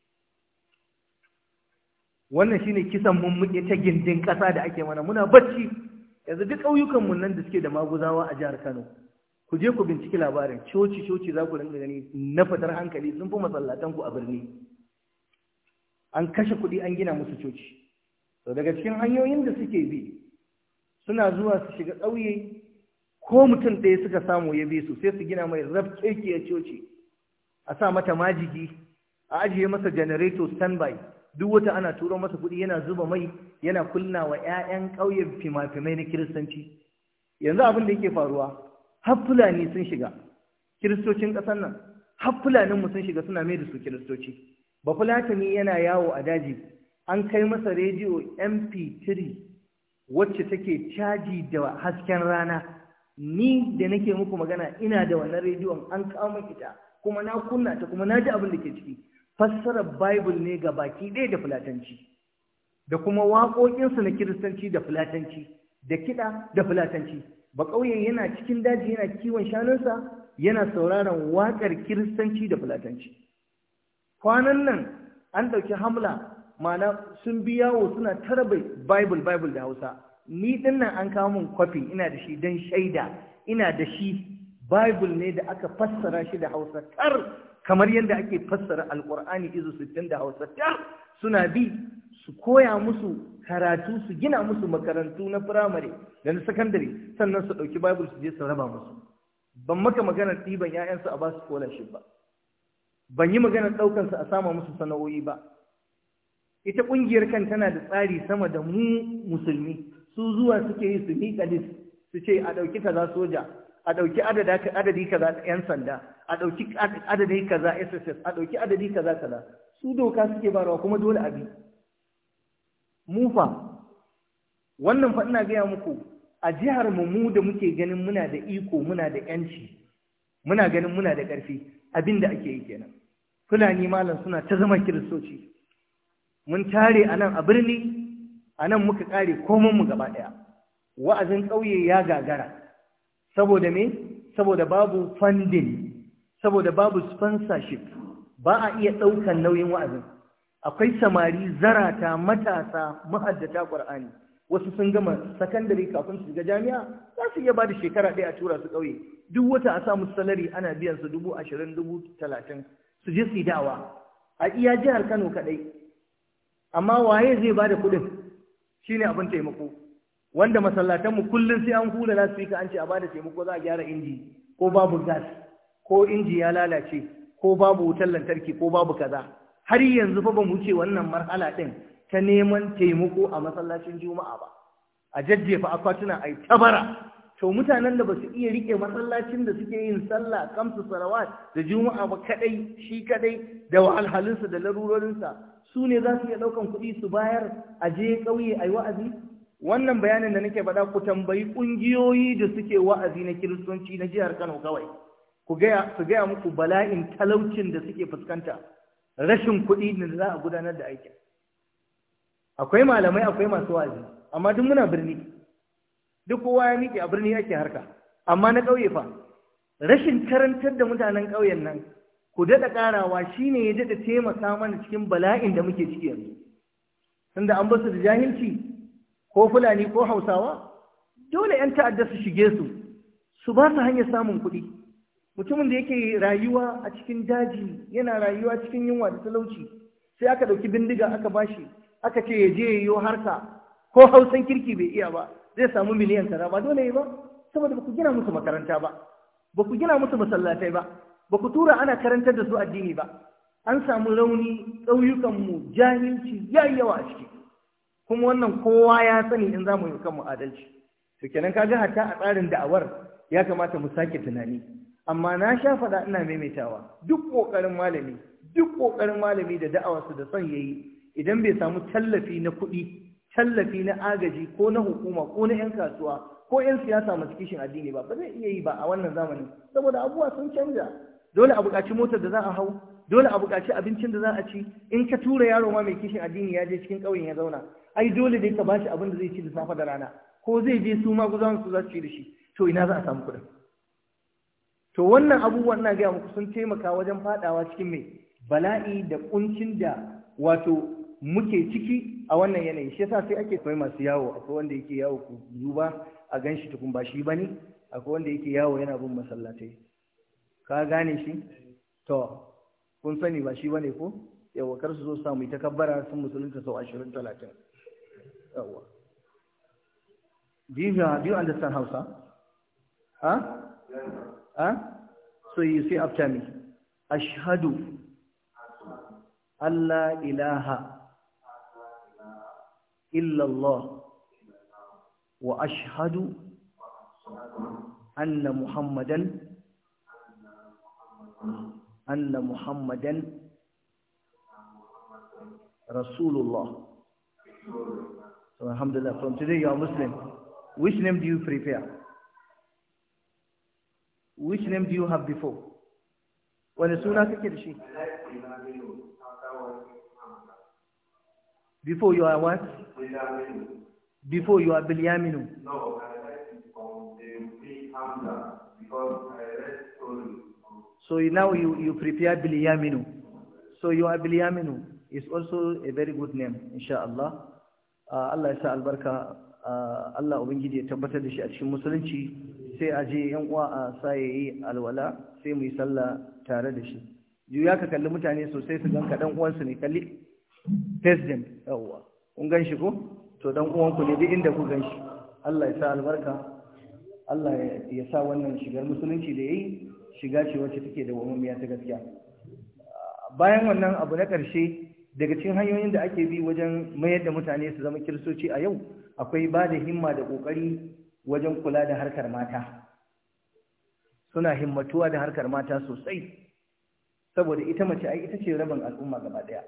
wannan shine kisan mun muke ta gindin ƙasa da ake mana muna bacci yanzu duk ƙauyukan mun nan da suke da maguzawa a jihar Kano ku je ku binciki labarin coci coci za ku rinka gani na fatar hankali sun fi masallatan ku a birni an kashe kuɗi an gina musu coci to daga cikin hanyoyin da suke bi suna zuwa su shiga ƙauye ko mutum ɗaya suka samu ya bi su sai su gina mai rafkeke a coci a sa mata majigi a ajiye masa janareto standby duk wata ana turo masa kuɗi yana zuba mai yana kunna wa 'ya'yan ƙauyen fima-fimai na kiristanci yanzu abin da yake faruwa har sun shiga kiristocin ƙasar nan har mu sun shiga suna mai da su kiristoci ba fulatani yana yawo a daji an kai masa rediyo mp3 wacce take caji da hasken rana ni da nake muku magana ina da wannan rediyon an kawo ita kuma na kunna ta kuma na ji abin da ke ciki Fassara bible ne ga baki ɗaya da fulatanci da kuma waƙoƙinsu na kiristanci da fulatanci da kiɗa da fulatanci ba ƙauye yana cikin daji yana kiwon shanunsa yana sauraron waƙar kiristanci da fulatanci kwanan nan an ɗauki hamla mana sun bi yawo suna tarbe bible bible da hausa ni ɗin nan an kawo min kwafi ina da shi don shaida ina da shi bible ne da aka fassara shi da hausa kar kamar yadda ake fassara alƙur'ani izu sittin da hausa kar suna bi su koya musu karatu su gina musu makarantu na firamare da na sakandare sannan su ɗauki bible su je su raba musu ban maka maganar ɗiban 'ya'yansu a ba su scholarship ba ban yi maganar ɗaukansu a sama musu sana'o'i ba ita ƙungiyar kan tana da tsari sama da mu musulmi su zuwa suke yi su miƙa su ce a ɗauki kaza soja a ɗauki adadi kaza 'yan sanda a ɗauki adadi kaza sss a ɗauki adadi kaza kaza su doka suke barawa kuma dole a bi mufa wannan fa ina gaya muku a jihar mu mu da muke ganin muna da iko muna da yanci muna ganin muna da ƙarfi abin da ake yi kenan fulani malam suna ta zama kiristoci mun tare a nan a birni a nan muka ƙare mu gaba ɗaya wa'azin ƙauye ya gagara saboda me saboda babu funding saboda babu sponsorship ba a iya ɗaukan nauyin wa'azin akwai samari zarata matasa mahaddata ƙwar'ani wasu sun gama sakandare kafin su shiga jami'a za su iya ba da shekara ɗaya a tura su ƙauye duk wata a sa musu salari ana biyan su dubu ashirin dubu talatin su je su dawa a iya jihar kano kaɗai amma waye zai bada da kuɗin shine abin taimako wanda masallatanmu kullum sai an hula lasfika an ce a ba taimako za a gyara inji ko babu gas ko inji ya lalace ko babu wutar lantarki ko babu kaza har yanzu fa ba mu ce wannan marhala ɗin ta neman taimako a masallacin juma'a ba a jajjefa akwatuna ai tabara to mutanen da ba su iya rike masallacin da suke yin sallah kamsu salawat da juma'a ba kadai shi kadai da wahalhalinsa da larurorinsa su ne za su iya ɗaukan kuɗi su bayar a je ƙauye a wa'azi wannan bayanin da nake faɗa ku tambayi ƙungiyoyi da suke wa'azi na kiristoci na jihar kano kawai ku gaya su gaya muku bala'in talaucin da suke fuskanta rashin kuɗi da za a gudanar da aikin akwai malamai akwai masu wa'azi amma duk muna birni duk kowa ya miƙe a birni ake harka amma na ƙauye fa rashin karantar da mutanen ƙauyen nan ku daɗa ƙarawa shine ya daɗa taimaka mana cikin bala'in da muke ciki yanzu tunda an basu da jahilci ko fulani ko hausawa dole 'yan ta'adda su shige su su ba su hanyar samun kuɗi mutumin da yake rayuwa a cikin daji yana rayuwa cikin yunwa da talauci sai aka ɗauki bindiga aka bashi aka ce ya je ya yi harka ko hausan kirki bai iya ba zai samu miliyan tara ba dole ba saboda ba ku gina musu makaranta ba ba ku gina musu masallatai ba ba ku tura ana karantar da su addini ba an samu rauni ƙauyukanmu jahilci ya yi yawa a ciki kuma wannan kowa ya sani in za mu yi kanmu adalci to kenan ka ga hatta a tsarin da'awar ya kamata mu sake tunani amma na sha faɗa ina maimaitawa duk ƙoƙarin malami duk ƙoƙarin malami da da'awarsa da son yayi idan bai samu tallafi na kuɗi tallafi na agaji ko na hukuma ko na 'yan kasuwa ko 'yan siyasa masu kishin addini ba ba zai iya yi ba a wannan zamanin saboda abubuwa sun canja dole a buƙaci motar da za a hau dole a buƙaci abincin da za a ci in ka tura yaro ma mai kishin addini ya je cikin ƙauyen ya zauna ai dole dai ka bashi abin da zai ci da safe da rana ko zai je su ma guzawan su za su ci da shi to ina za a samu kuɗin to wannan abubuwan na gaya muku sun taimaka wajen fadawa cikin mai bala'i da kuncin da wato muke ciki a wannan yanayi shi yasa sai ake kai masu yawo akwai wanda yake yawo ku duba a ganshi tukun ba shi bane akwai wanda yake yawo yana bin masallatai ka gane shi to kun sani ba shi bane ko yawa kar su zo samu ita kabbara sun musulunta sau ashirin talatin yawa do you, uh, do you understand hausa huh? ha so you say after me ashhadu alla ilaha illa allah wa أن محمدا muhammadan anna so alhamdulillah from today you are muslim which name do you prepare which name do you have before When the kake da shi before you are what before you are bilyaminu no i left from the hamza because i left story so now you you prepare bilyaminu so you are bilyaminu It's also a very good name inshallah uh, allah ya sa albarka Allah ubangiji ya tabbatar da shi a cikin musulunci sai a je yan uwa a sayayi alwala sai mu yi sallah tare da shi ya ka kalli mutane sosai su ganka dan uwansu ne kalli president yawa kun gan ko to dan uwanku ne duk inda ku gan Allah ya sa albarka Allah ya sa wannan shigar musulunci da yayi shiga ce wacce take da wamamiya ta gaskiya bayan wannan abu na ƙarshe daga cikin hanyoyin da ake bi wajen mayar da mutane su zama kiristoci a yau akwai ba da himma da ƙoƙari wajen kula da harkar mata suna himmatuwa da harkar mata sosai saboda ita mace ai ita ce rabin al'umma gaba ɗaya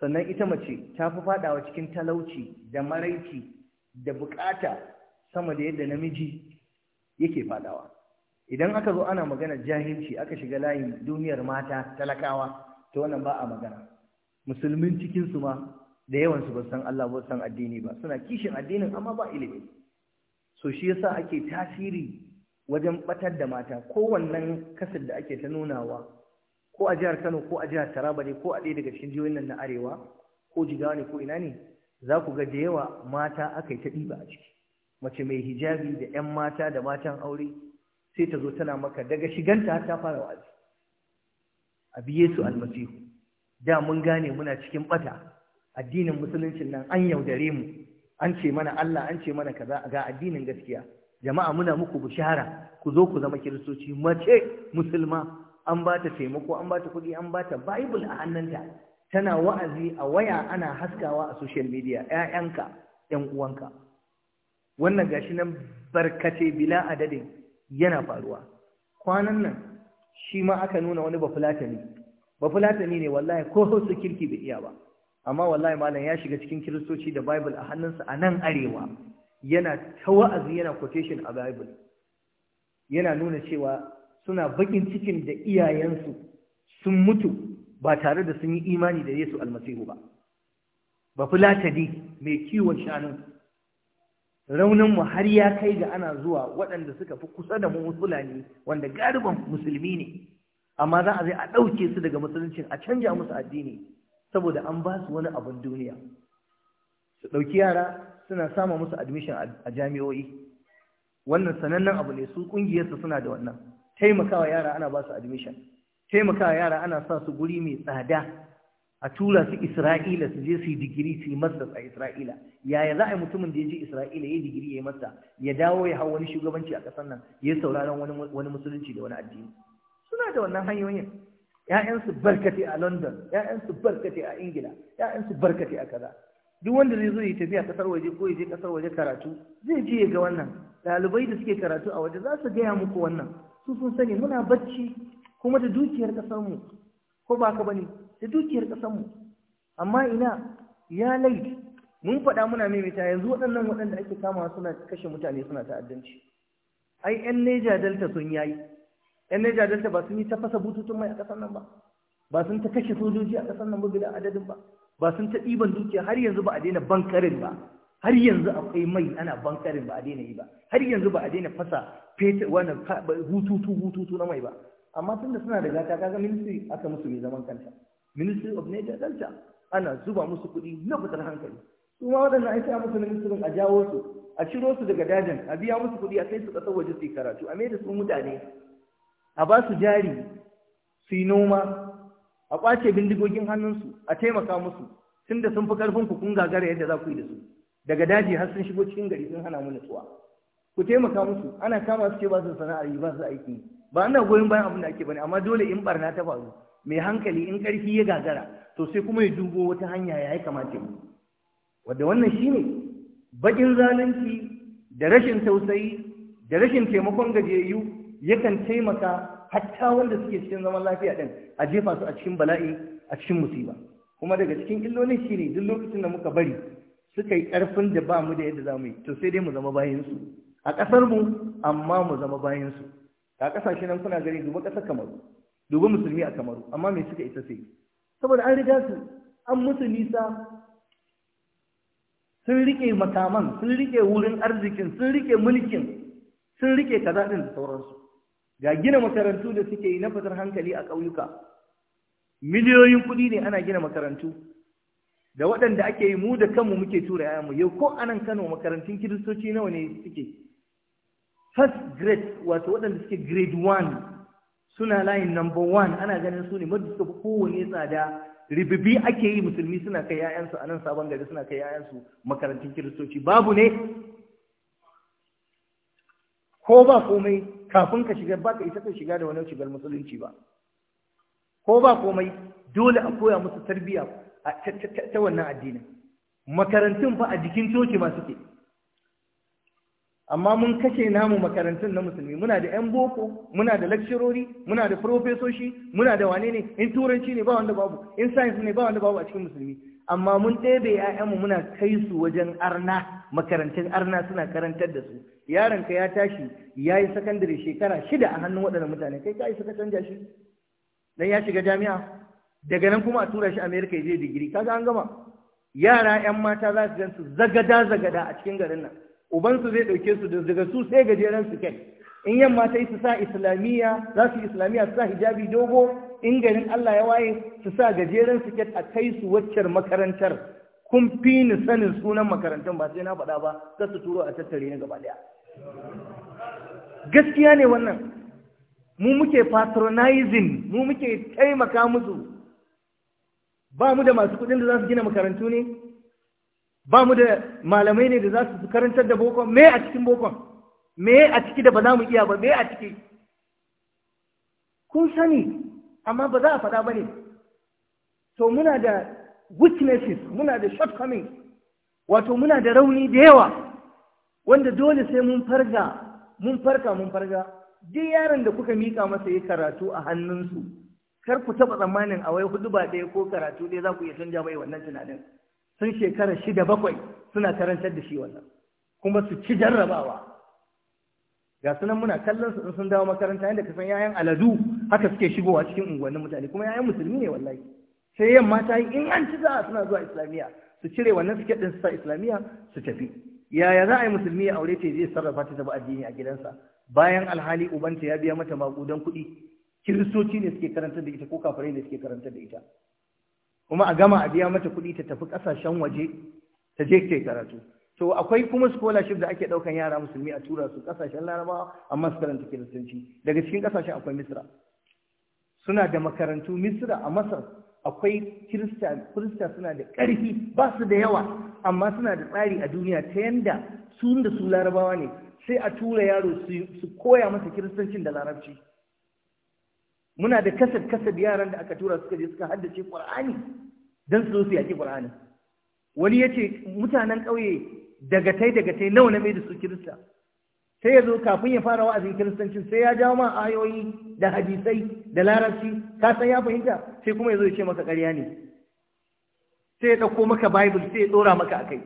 sannan ita mace ta fi faɗawa cikin talauci da maraici da bukata sama da yadda namiji yake faɗawa idan aka zo ana maganar jahilci aka shiga layin duniyar mata talakawa ta wannan ba a magana musulmin cikinsu ma da yawan su ba san Allah ba san addini ba suna kishin addinin amma ba ilimi so shi yasa ake tasiri wajen batar da mata kowannan kasar da ake ta nunawa ko a jihar Kano ko a jihar Taraba ne ko a ɗaya daga cikin jihohin nan na arewa ko jigawa ne ko ina ne za ku ga da yawa mata aka yi ta ɗiba a ciki mace mai hijabi da 'yan mata da matan aure sai ta zo tana maka daga shiganta ta fara wa'azi biye su almasihu da mun gane muna cikin bata addinin musuluncin nan an yaudare mu an ce mana Allah an ce mana kaza ga addinin gaskiya jama'a muna muku bishara ku zo ku zama kiristoci mace musulma an ba ta taimako an ba ta kuɗi an ba ta bible a hannunta tana wa'azi a waya ana haskawa a social media ƴaƴanka ƴan uwanka wannan gashi nan barkace bila adadin yana faruwa kwanan nan shi ma aka nuna wani bafulatani bafulatani ne wallahi ko su kirki bai iya ba amma wallahi malam ya shiga cikin kiristoci da bible a hannunsa a nan arewa yana ta wa'azi yana quotation a bible yana nuna cewa suna bakin cikin da iyayensu sun mutu ba tare da sun yi imani da yesu almasihu ba ba fulatani mai kiwon shanu rauninmu har ya kai ga ana zuwa waɗanda suka fi kusa da mu fulani wanda galiban musulmi ne amma za a zai a ɗauke su daga musuluncin a canja musu addini saboda an ba su wani abin duniya su ɗauki yara suna sama musu admission a jami'o'i wannan sanannen abu ne su ƙungiyarsa suna da wannan taimakawa yara ana ba su admission taimakawa yara ana sa su guri mai tsada a tura su isra'ila su je su yi digiri su yi masters a isra'ila yaya za a yi mutumin da ya je isra'ila ya yi digiri ya yi masta ya dawo ya hau wani shugabanci a ƙasar nan ya sauraron wani musulunci da wani addini suna da wannan hanyoyin ‘ya'yansu barkati a London, ‘ya'yansu barkate a Ingila, ‘ya'yansu barkati a kaza. Duk wanda zai zo yi tafiya kasar waje ko yaje je kasar waje karatu, zai je ga wannan. Ɗalibai da suke karatu a waje za su gaya muku wannan. Su sun sani muna barci kuma da dukiyar ƙasarmu, ko ba ka bane, da dukiyar mu? Amma ina ya lai mun faɗa muna mita yanzu waɗannan waɗanda ake kama suna kashe mutane suna ta'addanci. Ai, ‘yan Neja Delta sun yayi, yan Niger Delta ba sun yi ta fasa bututun mai a ƙasar nan ba ba sun ta kashe sojoji a ƙasar nan ba bila adadin ba ba sun ta ɗiban dukiya har yanzu ba a daina bankarin ba har yanzu akwai mai ana bankarin ba a daina yi ba har yanzu ba a daina fasa fetur wannan hututu hututu na mai ba amma tunda suna da gata kaga ministry aka musu mai zaman kanta ministry of Niger Delta ana zuba musu kuɗi na fitar hankali su ma waɗannan an sa musu ministry a jawo su a ciro su daga dajin a biya musu kuɗi a kai su ƙasar waje su yi karatu a mai da su mutane a ba su jari su yi noma a ƙwace bindigogin hannunsu a taimaka musu tun da sun fi ƙarfin ku gagara yadda za ku yi da su daga daji har sun shigo cikin gari sun hana mu natsuwa ku taimaka musu ana kama su ce ba su sana'ar yi ba su aiki ba ana goyon bayan abin da ake bane amma dole in barna ta faru mai hankali in ƙarfi ya gagara to sai kuma ya dubo wata hanya ya kamata mu wanda wannan shine bakin zalunci da rashin tausayi da rashin taimakon gajiyayyu yakan taimaka hatta wanda suke cikin zaman lafiya din a jefa su a cikin bala'i a cikin musiba kuma daga cikin illolin shine duk lokacin da muka bari suka yi ƙarfin da ba mu da yadda za mu yi to sai dai mu zama bayan su a ƙasar mu amma mu zama bayan su a ƙasashe nan kuna gani duba ƙasar kamaru duba musulmi a kamaru amma me suka isa sai saboda an riga su an musu nisa sun rike makaman sun rike wurin arzikin sun rike mulkin sun rike kaza din da sauransu ga gina makarantu da suke yi na fitar hankali a ƙauyuka miliyoyin kuɗi ne ana gina makarantu da waɗanda ake yi mu da kanmu muke tura yayanmu yau ko anan kano makarantun kiristoci nawa ne suke first grade wato waɗanda suke grade one suna layin number one ana ganin su ne mafi suka kowane tsada ribibi ake yi musulmi suna kai yayansu a nan sabon gari suna kai yayansu makarantun kiristoci babu ne ko ba komai kafin ka shiga ba ka isa ka shiga da wani shigar musulunci ba ko ba komai dole a koya musu tarbiyya ta wannan addini makarantun fa a jikin coci ma suke amma mun kashe namu makarantun na musulmi muna da yan boko muna da lakshirori muna da profesoshi muna da wane ne in turanci ne ba wanda babu in science ne ba wanda babu a cikin musulmi amma mun ɗebe ‘ya'yanmu muna kai su wajen arna makarantun arna suna karantar da su ka ya tashi ya yi sakandare shekara shida a hannun waɗannan mutane kai ka yi saka canja shi dan ya shiga jami'a daga nan kuma a tura shi amerika ya je digiri kaga an gama yara ‘yan mata za su gansu zagada zagada a cikin garin nan ubansu zai ɗauke su daga su sai gajeren su kai in yamma ta yi su sa islamiyya za su yi islamiyya su sa hijabi dogo in garin Allah ya waye su sa gajeren siket a kai su waccar makarantar kun fi ni sanin sunan makarantar ba sai na faɗa ba za su turo a tattare na gaba ɗaya gaskiya ne wannan mu muke patronizing mu muke taimaka musu ba mu da masu kuɗin da za su gina makarantu ne ba mu da malamai ne da za su karantar da bokon me a cikin bokon me a ciki da ba za mu iya ba me a ciki kun sani amma ba za a faɗa ba ne to muna da witnesses muna da shortcomings wato muna da rauni da yawa wanda dole sai mun farga mun farka mun farga duk yaron da kuka mika masa yi karatu a hannunsu kar ku taɓa tsammanin a wai hudu ba ɗaya ko karatu ɗaya za ku iya canja mai wannan tunanin sun shekara shida bakwai suna karantar da shi wannan kuma su ci jarrabawa ga sunan muna kallon su in sun dawo makaranta yadda ka san yayan aladu haka suke shigowa cikin unguwannin mutane kuma yayan musulmi ne wallahi sai yamma mata yi in an ci za suna zuwa islamiyya su cire wannan suke din sa islamiyya su tafi yaya za a yi musulmi ya aure ta zai sarrafa ta tafi addini a gidansa bayan alhali ubanta ya biya mata makudan kuɗi kiristoci ne suke karanta da ita ko kafirai ne suke karanta da ita kuma a gama a biya mata kuɗi ta tafi ƙasashen waje ta je ke karatu to akwai kuma scholarship da ake ɗaukan yara musulmi a tura su ƙasashen larabawa amma su karanta kiristanci daga cikin kasashen akwai misra suna da makarantu misra a masar akwai kirista kirista suna da ƙarfi ba su da yawa amma suna da tsari a duniya ta yanda su da su larabawa ne sai a tura yaro su koya masa kiristancin da larabci muna da kasad kasad yaran da aka tura suka je suka haddace qur'ani dan su zo su yaki qur'ani wani yace mutanen ƙauye Daga dagatai dagatai nawa na mai da su kirista sai ya zo kafin ya fara wa'azin kiristanci sai ya jawo ma ayoyi da hadisai da larabci ka san ya fahimta sai kuma ya zo ya ce maka ƙarya ne sai ya ɗauko maka bible sai ya ɗora maka akai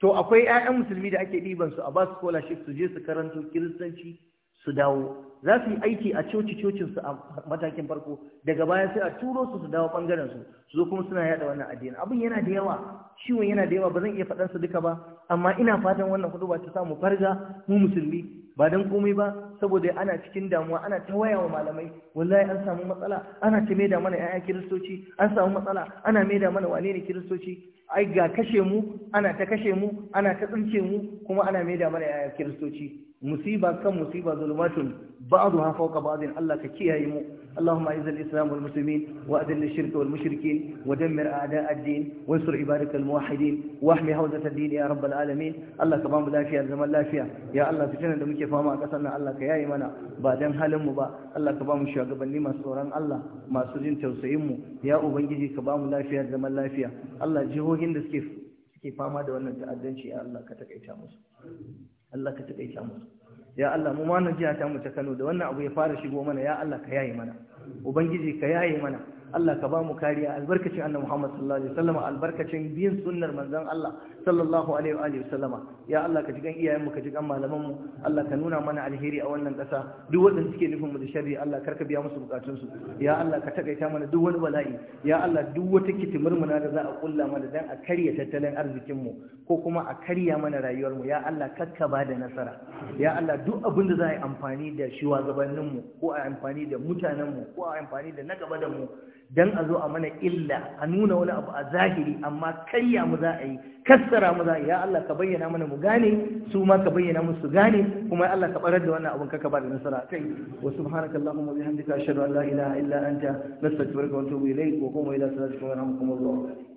to akwai 'ya'yan musulmi da ake ɗiban su a ba su scholarship su je su karanto kiristanci su dawo za su yi aiki a coci cocin su a matakin farko daga baya sai a turo su su dawo bangaren su su zo kuma suna yada wannan addini abin yana da yawa ciwon yana da yawa ba zan iya faɗan su duka ba amma ina fatan wannan hudu ba ta mu farga mu musulmi ba dan komai ba saboda ana cikin damuwa ana ta waya wa malamai wallahi an samu matsala ana ta maida mana 'ya'ya kiristoci an samu matsala ana maida mana wane ne kiristoci ai ga kashe mu ana ta kashe mu ana ta tsince mu kuma ana maida mana 'ya'ya kiristoci musiba kan musiba zulmatun ba'du ha fawqa ba'din Allah ka kiyaye mu Allahumma izz al-islam wal muslimin wa adil ash-shirk wal mushrikin wa dammir a'da' ad-din wa ansur ibadak ya rabb al-alamin Allah ka bamu lafiya zaman lafiya ya Allah fitinan da muke fama a kasar nan Allah ka yaye mana ba dan halin mu ba Allah ka bamu shugabanni masu tsoron Allah masu jin tausayin mu ya ubangiji ka bamu lafiya zaman lafiya Allah jihohin da suke suke fama da wannan ta'addanci ya Allah ka takaita musu Allah ka taƙaita musu ya Allah mu ma jiha ta mu ta Kano da wannan abu ya fara shigo mana ya Allah ka yaye mana ubangiji ka yaye mana Allah ka ba mu kariya albarkacin annabi Muhammad sallallahu alaihi wasallama albarkacin bin sunnar manzon Allah sallallahu alaihi wa ya Allah ka jigan iyayen mu ka jigan malaman mu Allah ka nuna mana alheri a wannan ƙasa duk wanda suke nufin mu da sharri Allah karka biya musu bukatun su ya Allah ka takaita mana duk wani bala'i ya Allah duk wata na da za a kulla mana dan a karya tattalin arzikin mu ko kuma a karya mana rayuwar mu ya Allah kakka ba da nasara ya Allah duk abin da za a yi amfani da shi wa gabaninmu ko a amfani da mutanenmu ko a amfani da na gaba da mu dan a zo a mana illa a nuna wani abu a zahiri amma karya mu za a yi kassara mu za a yi ya Allah ka bayyana mana mu gane su ma ka bayyana mu su gane kuma ya Allah ka barar da wannan abun ka ba da nasara kai wa subhanaka allahumma wa bihamdika ashhadu an la ilaha illa anta nastaghfiruka wa atubu ilayk wa qumu ila salatikum wa rahmatullahi